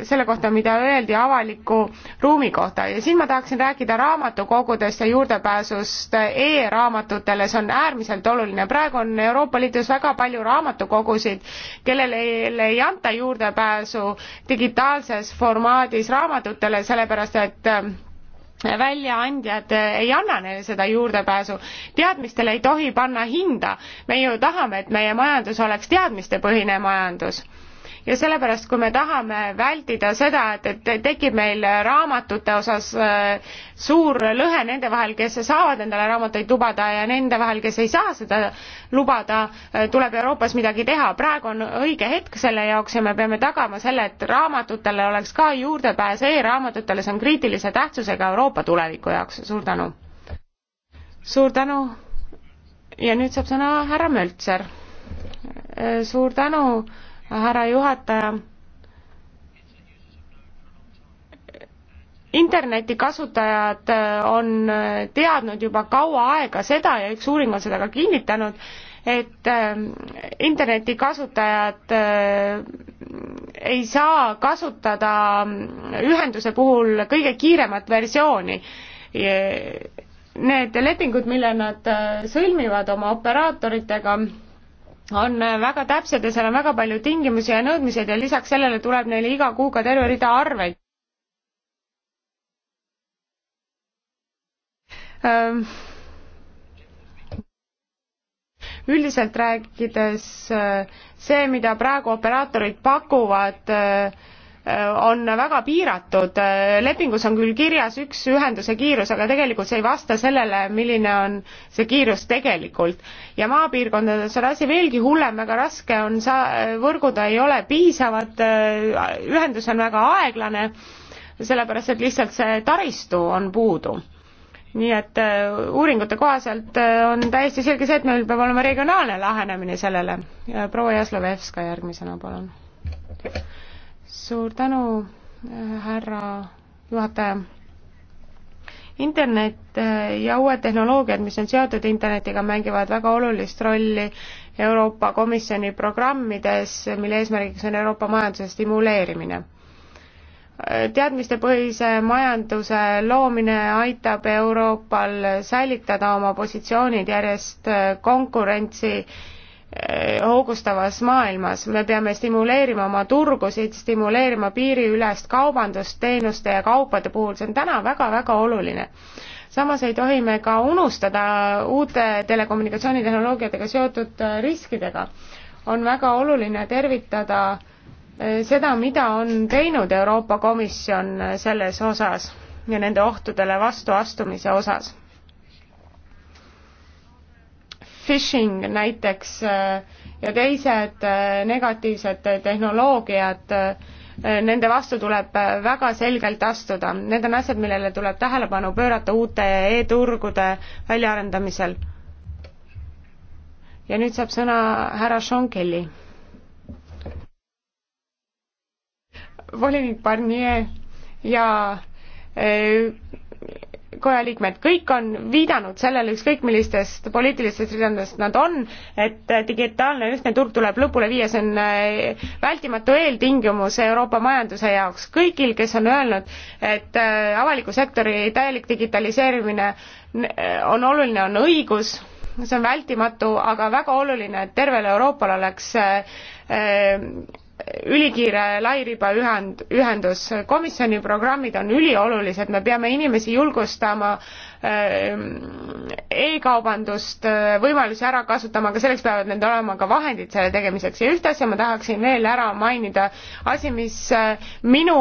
selle kohta, mida öeldi avaliku ruumi kohta ja siin ma tahaksin rääkida raamatukogudest ja juurdepääsust e-raamatutele, see on äärmiselt oluline. praegu on Euroopa Liidus väga palju raamatukogusid, kellele ei, ei anta juurdepääsu digitaalses formaadis raamatutele, sellepärast sellepärast et äh, väljaandjad äh, ei anna neile seda juurdepääsu. teadmistele ei tohi panna hinda. me ju tahame, et meie majandus oleks teadmistepõhine majandus ja sellepärast, kui me tahame vältida seda, et, et tekib meil raamatute osas äh, suur lõhe nende vahel, kes saavad endale raamatuid lubada ja nende vahel, kes ei saa seda lubada, äh, tuleb Euroopas midagi teha. praegu on õige hetk selle jaoks ja me peame tagama selle, et raamatutele oleks ka juurdepääs e-raamatutele, see on kriitilise tähtsusega Euroopa tuleviku jaoks. suur tänu! suur tänu! ja nüüd saab sõna härra Möltser. Äh, suur tänu! härra juhataja. interneti kasutajad äh, on äh, teadnud juba kaua aega seda ja üks uuring on seda ka kinnitanud, et äh, interneti kasutajad ei saa kasutada mm, ühenduse puhul kõige kiiremat versiooni need lepingud, mille nad sõlmivad oma operaatoritega, on äh, väga täpsed ja seal on väga palju tingimusi ja nõudmised ja lisaks sellele tuleb neile iga kuu ka terve rida arveid. Ähm, üldiselt rääkides äh, see, mida praegu operaatorid pakuvad, äh, Äh, on väga piiratud, äh, lepingus on küll kirjas üks ühenduse kiirus, aga tegelikult see ei vasta sellele, milline on see kiirus tegelikult. ja maapiirkondades on asi veelgi hullem, väga raske on sa-, äh, võrgud ei ole piisavad, ühendus on väga aeglane, sellepärast et lihtsalt see taristu on puudu nii et uuringute kohaselt on täiesti selge see, et meil peab olema regionaalne lähenemine sellele. proua Jaslovevska järgmisena, palun suur tänu, härra juhataja. internet äh, ja uued tehnoloogiad, mis on seotud internetiga, mängivad väga olulist rolli Euroopa Komisjoni programmides, mille eesmärgiks on Euroopa majanduse stimuleerimine. Äh, teadmistepõhise majanduse loomine aitab Euroopal säilitada oma positsioonid järjest äh, konkurentsi Eh, hoogustavas maailmas. me peame stimuleerima oma turgusid, stimuleerima piiriülest kaubandust teenuste ja kaupade puhul, see on täna väga-väga oluline. samas ei tohi me ka unustada uute telekommunikatsioonitehnoloogiatega seotud eh, riskidega. on väga oluline tervitada eh, seda, mida on teinud Euroopa Komisjon selles osas ja nende ohtudele vastuastumise osas phishing näiteks äh, ja teised äh, negatiivsed tehnoloogiad, äh, nende vastu tuleb väga selgelt astuda. Need on asjad, millele tuleb tähelepanu pöörata uute e-turgude väljaarendamisel. ja nüüd saab sõna härra Sean Kelly. volinik Barnier ja koja liikmed, kõik on viidanud sellele, ükskõik millistest poliitilistest ridadest nad on, et digitaalne ühtne turg tuleb lõpule viia, see on äh, vältimatu eeltingimus Euroopa majanduse jaoks. kõigil, kes on öelnud, et äh, avaliku sektori täielik digitaliseerimine äh, on oluline, on õigus, see on vältimatu, aga väga oluline, et tervel Euroopal oleks ülikiire lairibaühend, ühendus, komisjoni programmid on üliolulised, me peame inimesi julgustama äh, e-kaubandust, äh, võimalusi ära kasutama, aga selleks peavad need olema ka vahendid selle tegemiseks ja ühte asja ma tahaksin veel ära mainida, asi, mis äh, minu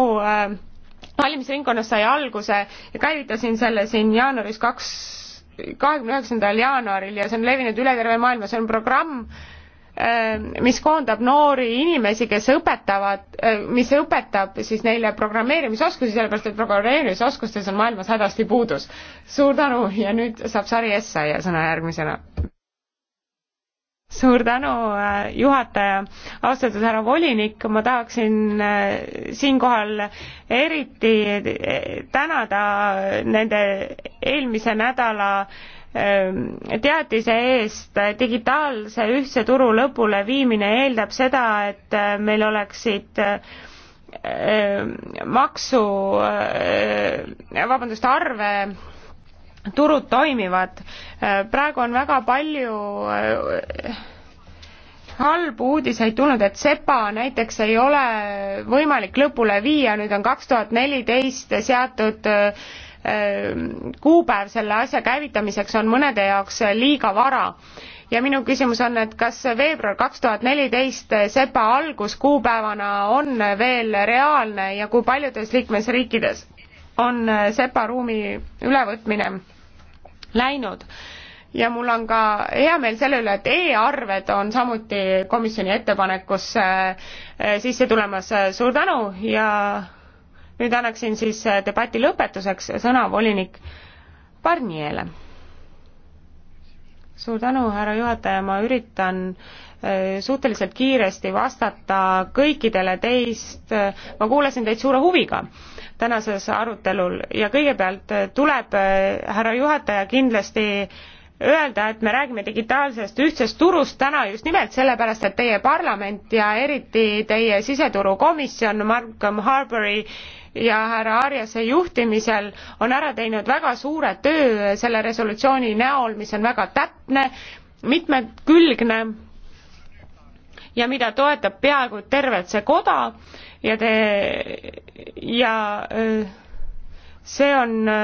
valimisringkonnas sai alguse ja käivitasin selle siin jaanuaris kaks, kahekümne üheksandal jaanuaril ja see on levinud üle terve maailma, see on programm, Äh, mis koondab noori inimesi, kes õpetavad, äh, mis õpetab siis neile programmeerimisoskusi, sellepärast et programmeerimisoskustes on maailmas hädasti puudus. suur tänu ja nüüd saab Sari Essaia sõna järgmisena. suur tänu, äh, juhataja, austatud härra volinik, ma tahaksin siinkohal eriti tänada nende eelmise nädala Ehm, teatise eest digitaalse ühtse turu lõpule viimine eeldab seda, et äh, meil oleksid ehm, maksu, äh, vabandust, arve turud toimivad. Äh, praegu on väga palju halbu uudiseid tulnud, et SEPA näiteks ei ole võimalik lõpule viia, nüüd on kaks tuhat neliteist seatud Äh, kuupäev selle asja käivitamiseks on mõnede jaoks liiga vara ja minu küsimus on, et kas veebruar kaks tuhat neliteist SEPA alguskuupäevana on veel reaalne ja kui paljudes liikmesriikides on SEPA ruumi ülevõtmine läinud? ja mul on ka hea meel selle üle, et e-arved on samuti komisjoni ettepanekusse äh, sisse tulemas. suur tänu ja nüüd annaksin siis äh, debati lõpetuseks sõna volinik Barniele. suur tänu, härra juhataja, ma üritan äh, suhteliselt kiiresti vastata kõikidele teist, ma kuulasin teid suure huviga tänases arutelul ja kõigepealt äh, tuleb härra juhataja kindlasti öelda, et me räägime digitaalsest ühtsest turust täna just nimelt sellepärast, et teie parlament ja eriti teie siseturukomisjon Malcolm Harboury ja härra Arjase juhtimisel on ära teinud väga suure töö selle resolutsiooni näol, mis on väga täpne, mitmekülgne ja mida toetab peaaegu tervelt see koda ja te ja äh, see on äh,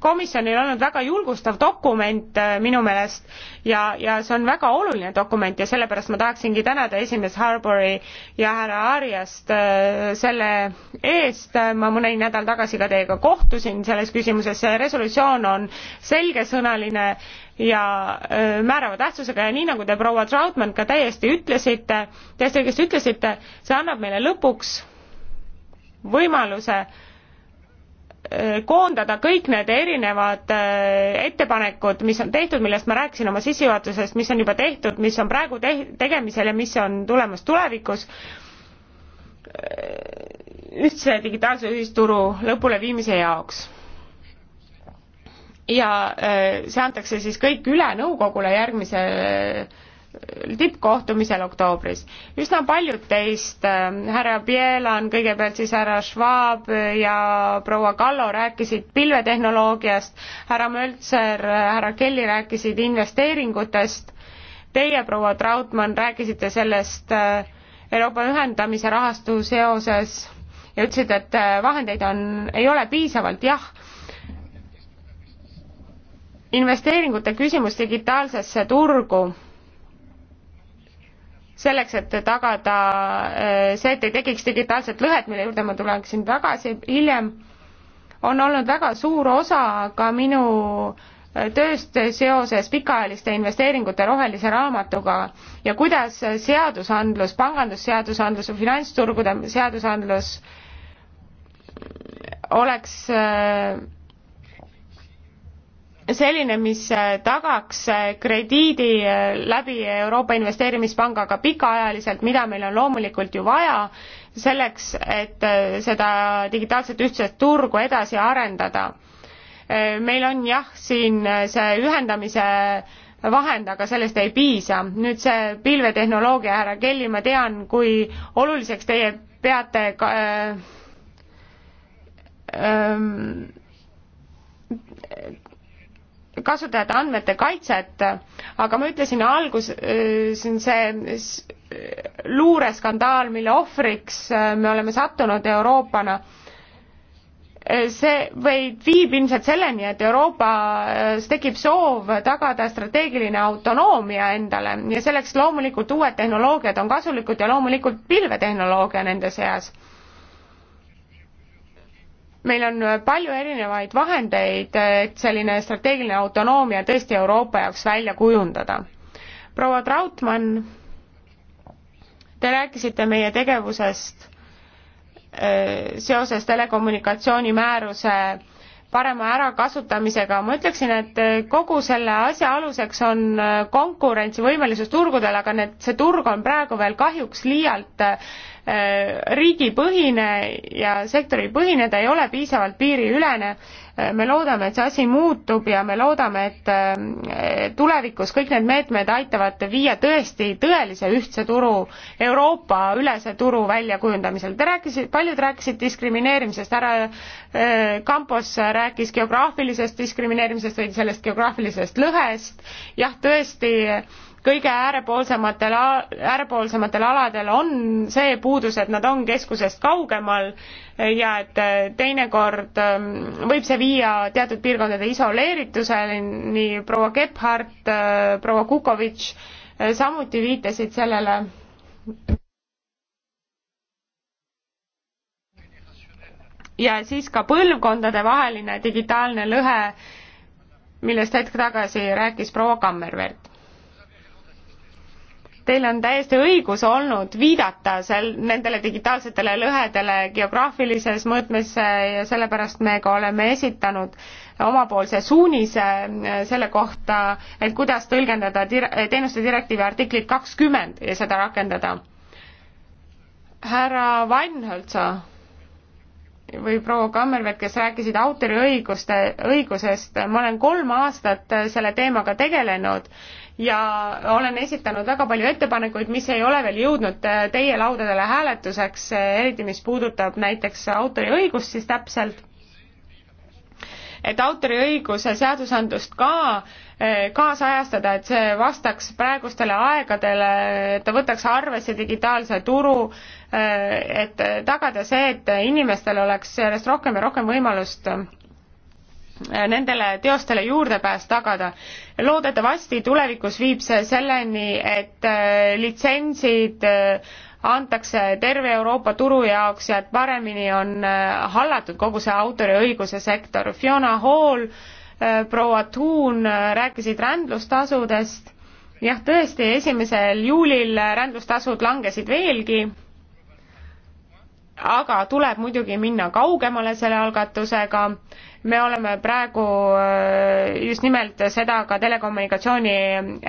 komisjonil olnud väga julgustav dokument äh, minu meelest ja, ja see on väga oluline dokument ja sellepärast ma tahaksingi tänada esimees Harbori ja härra Ariast äh, selle eest. ma mõni nädal tagasi ka teiega kohtusin selles küsimuses, see resolutsioon on selgesõnaline ja äh, määrava tähtsusega ja nii nagu te, proua Trautmann, ka täiesti ütlesite, täiesti õigesti ütlesite, see annab meile lõpuks võimaluse äh, Äh, koondada kõik need erinevad äh, ettepanekud, mis on tehtud, millest ma rääkisin oma sissejuhatusest, mis on juba tehtud, mis on praegu te-, tegemisel ja mis on tulemas tulevikus, äh, ühtse digitaalse ühisturu lõpuleviimise jaoks. ja see antakse siis kõik üle nõukogule järgmise tippkohtumisel oktoobris. üsna paljud teist, äh, härra Bielan, kõigepealt siis härra Schwab ja proua Kallo rääkisid pilvetehnoloogiast, härra Möltser, äh, härra Kelly rääkisid investeeringutest, teie, proua Trautmann, rääkisite sellest äh, Euroopa ühendamise rahastu seoses ja ütlesid, et vahendeid on, ei ole piisavalt, jah investeeringute küsimus digitaalsesse turgu selleks, et tagada äh, see, et ei tekiks digitaalset lõhet, mille juurde ma tuleksin tagasi hiljem, on olnud väga suur osa ka minu äh, tööst seoses pikaajaliste investeeringute rohelise raamatuga ja kuidas seadusandlus, pangandusseadusandlus, finantsturgude seadusandlus oleks äh, selline, mis äh, tagaks äh, krediidi äh, läbi Euroopa Investeerimispangaga pikaajaliselt, mida meil on loomulikult ju vaja, selleks, et seda digitaalset ühtset turgu edasi arendada. meil on jah, siin see ühendamise vahend, aga sellest ei piisa. nüüd see pilvetehnoloogia, härra Kelly, ma tean, kui oluliseks teie peate ka, äh, äh, kasutajate andmete kaitset, aga ma ütlesin algus, äh, see on see luureskandaal, mille ohvriks äh, me oleme sattunud Euroopana, äh, see või viib ilmselt selleni, et Euroopas tekib soov tagada strateegiline autonoomia endale ja selleks loomulikult uued tehnoloogiad on kasulikud ja loomulikult pilvetehnoloogia nende seas meil on palju erinevaid vahendeid, et selline strateegiline autonoomia tõesti Euroopa jaoks välja kujundada. proua Trautmann, te rääkisite meie tegevusest äh, seoses telekommunikatsiooni määruse parema ärakasutamisega, ma ütleksin, et kogu selle asja aluseks on äh, konkurentsivõimelisus turgudel, aga need, see turg on praegu veel kahjuks liialt äh, Äh, riigipõhine ja sektoripõhine, ta ei ole piisavalt piiriülene. Äh, me loodame, et see asi muutub ja me loodame, et äh, tulevikus kõik need meetmed aitavad viia tõesti tõelise ühtse turu, Euroopa-ülese turu väljakujundamisel. Te rääkisite, paljud rääkisid diskrimineerimisest, härra Campos rääkis geograafilisest diskrimineerimisest või sellest geograafilisest lõhest, jah, tõesti kõige äärepoolsematel, äärepoolsematel aladel on see puudus, et nad on keskusest kaugemal ja et äh, teinekord ähm, võib see viia teatud piirkondade isoleerituseni, proua Gebhardt, äh, proua Kukovitš äh, samuti viitasid sellele. ja siis ka põlvkondadevaheline digitaalne lõhe, millest hetk tagasi rääkis proua Kammervert Teil on täiesti õigus olnud viidata seal nendele digitaalsetele lõhedele geograafilises mõõtmes äh, ja sellepärast me ka oleme esitanud omapoolse suunise äh, selle kohta, et kuidas tõlgendada dir-, teenuste direktiivi artiklit kakskümmend ja seda rakendada. härra Weinholzer või proua Kammervet, kes rääkisid autoriõiguste, õigusest, ma olen kolm aastat äh, selle teemaga tegelenud ja olen esitanud väga palju ettepanekuid, mis ei ole veel jõudnud äh, teie laudadele hääletuseks, äh, eriti mis puudutab näiteks autoriõigust siis täpselt, et autoriõiguse seadusandlust ka äh, kaasajastada, et see vastaks praegustele aegadele, et ta võtaks arvesse digitaalse turu, et tagada see, et inimestel oleks järjest rohkem ja rohkem võimalust Äh, nendele teostele juurdepääs tagada. loodetavasti tulevikus viib see selleni, et äh, litsentsid äh, antakse terve Euroopa turu jaoks ja et paremini on hallatud kogu see autoriõiguse sektor. Fiona Hall, proua Thun rääkisid rändlustasudest. jah, tõesti, esimesel juulil rändlustasud langesid veelgi aga tuleb muidugi minna kaugemale selle algatusega me oleme praegu äh, just nimelt seda ka telekommunikatsiooni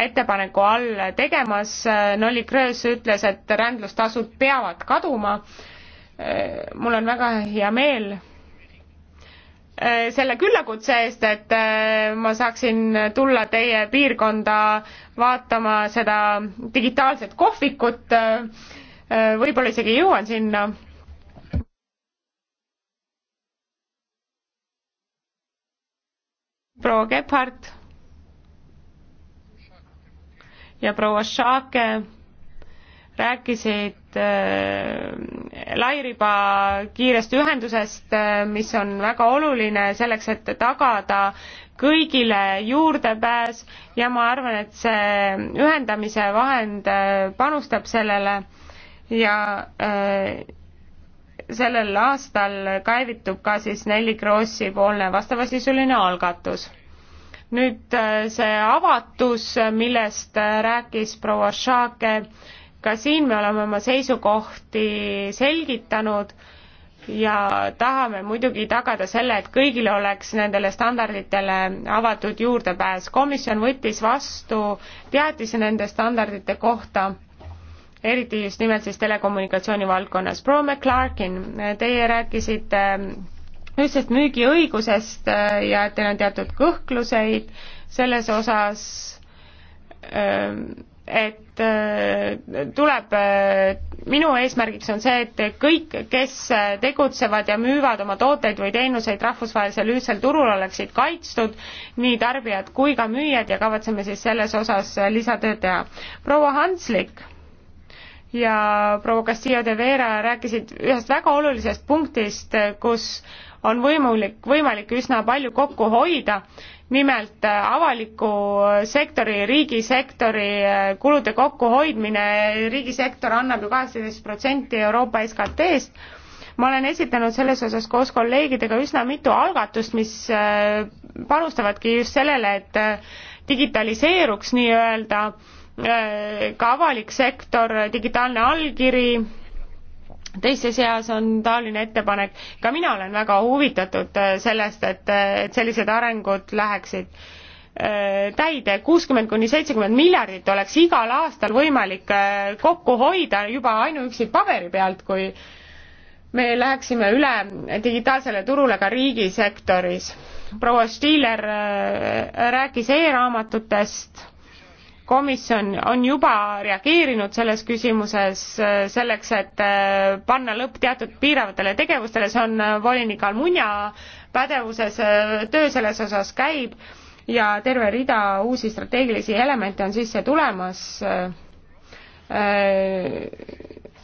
ettepaneku all tegemas, Nolli Kröös ütles, et rändlustasud peavad kaduma, äh, mul on väga hea meel äh, selle küllakutse eest, et ma saaksin tulla teie piirkonda vaatama seda digitaalset kohvikut, võib-olla isegi jõuan sinna proua Gebhardt ja proua Šaake rääkisid äh, lairiba kiirest ühendusest äh,, mis on väga oluline selleks, et tagada kõigile juurdepääs ja ma arvan, et see ühendamise vahend äh, panustab sellele ja äh, sellel aastal käivitub ka siis Nelli Krossi poolne vastavasisuline algatus nüüd äh, see avatus, millest äh, rääkis proua Šake, ka siin me oleme oma seisukohti selgitanud ja tahame muidugi tagada selle, et kõigil oleks nendele standarditele avatud juurdepääs. komisjon võttis vastu teatise nende standardite kohta, eriti just nimelt siis telekommunikatsiooni valdkonnas. proua McClarkin, teie rääkisite nüüdsest müügiõigusest äh, ja et teil on teatud kõhkluseid selles osas, ähm, et äh, tuleb, äh, minu eesmärgiks on see, et kõik, kes tegutsevad ja müüvad oma tooteid või teenuseid rahvusvahelisel ühisel turul, oleksid kaitstud, nii tarbijad kui ka müüjad ja kavatseme siis selles osas lisatööd teha. proua Hanslik ja proua Castillo de Vera rääkisid ühest väga olulisest punktist, kus on võimulik, võimalik üsna palju kokku hoida, nimelt äh, avaliku äh, sektori, riigisektori äh, kulude kokkuhoidmine, riigisektor annab ju kaheksateist protsenti Euroopa SKT-st, ma olen esitanud selles osas koos kolleegidega üsna mitu algatust, mis panustavadki just sellele, et digitaliseeruks nii-öelda ka avalik sektor, digitaalne allkiri, teiste seas on taoline ettepanek, ka mina olen väga huvitatud äh, sellest, et, äh, et sellised arengud läheksid äh, täide, kuuskümmend kuni seitsekümmend miljardit oleks igal aastal võimalik kokku hoida juba ainuüksi paberi pealt, kui me läheksime üle digitaalsele turule ka riigisektoris. proua Stiiler rääkis e-raamatutest komisjon on juba reageerinud selles küsimuses äh, selleks, et äh, panna lõpp teatud piiravatele tegevustele, see on äh, volinik Almunia pädevuses, töö selles osas käib ja terve rida uusi strateegilisi elemente on sisse tulemas.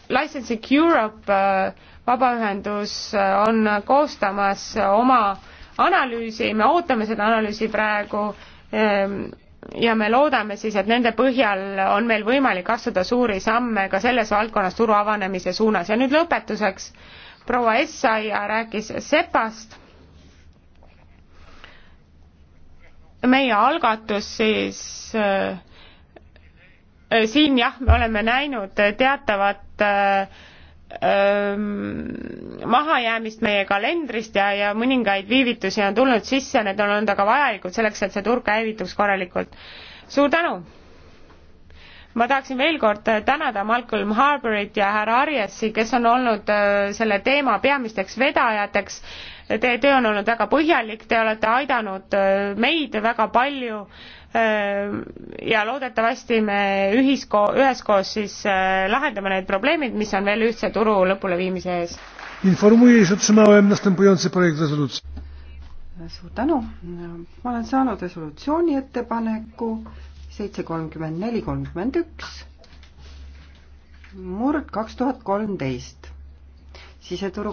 Licensing Europe vabaühendus on koostamas oma analüüsi, me ootame seda analüüsi praegu ja me loodame siis, et nende põhjal on meil võimalik astuda suuri samme ka selles valdkonnas turu avanemise suunas ja nüüd lõpetuseks proua Essaia rääkis sepast. meie algatus siis äh, siin jah, me oleme näinud teatavat äh, Ähm, mahajäämist meie kalendrist ja, ja mõningaid viivitusi on tulnud sisse, need on olnud aga vajalikud selleks, et see turg käivituks korralikult. suur tänu! ma tahaksin veel kord tänada Malcolm Harbourit ja härra Ariasi, kes on olnud äh, selle teema peamisteks vedajateks. Teie töö on olnud väga põhjalik, te olete aidanud äh, meid väga palju Äh, ja loodetavasti me ühisko-, üheskoos siis äh, lahendame need probleemid, mis on veel ühtse turu lõpuleviimise ees. informuji, et otrzymałem następujący projekt resoluutsi. suur tänu, ma olen saanud resolutsiooni ettepaneku seitse kolmkümmend neli kolmkümmend üks, murd kaks tuhat kolmteist, siseturu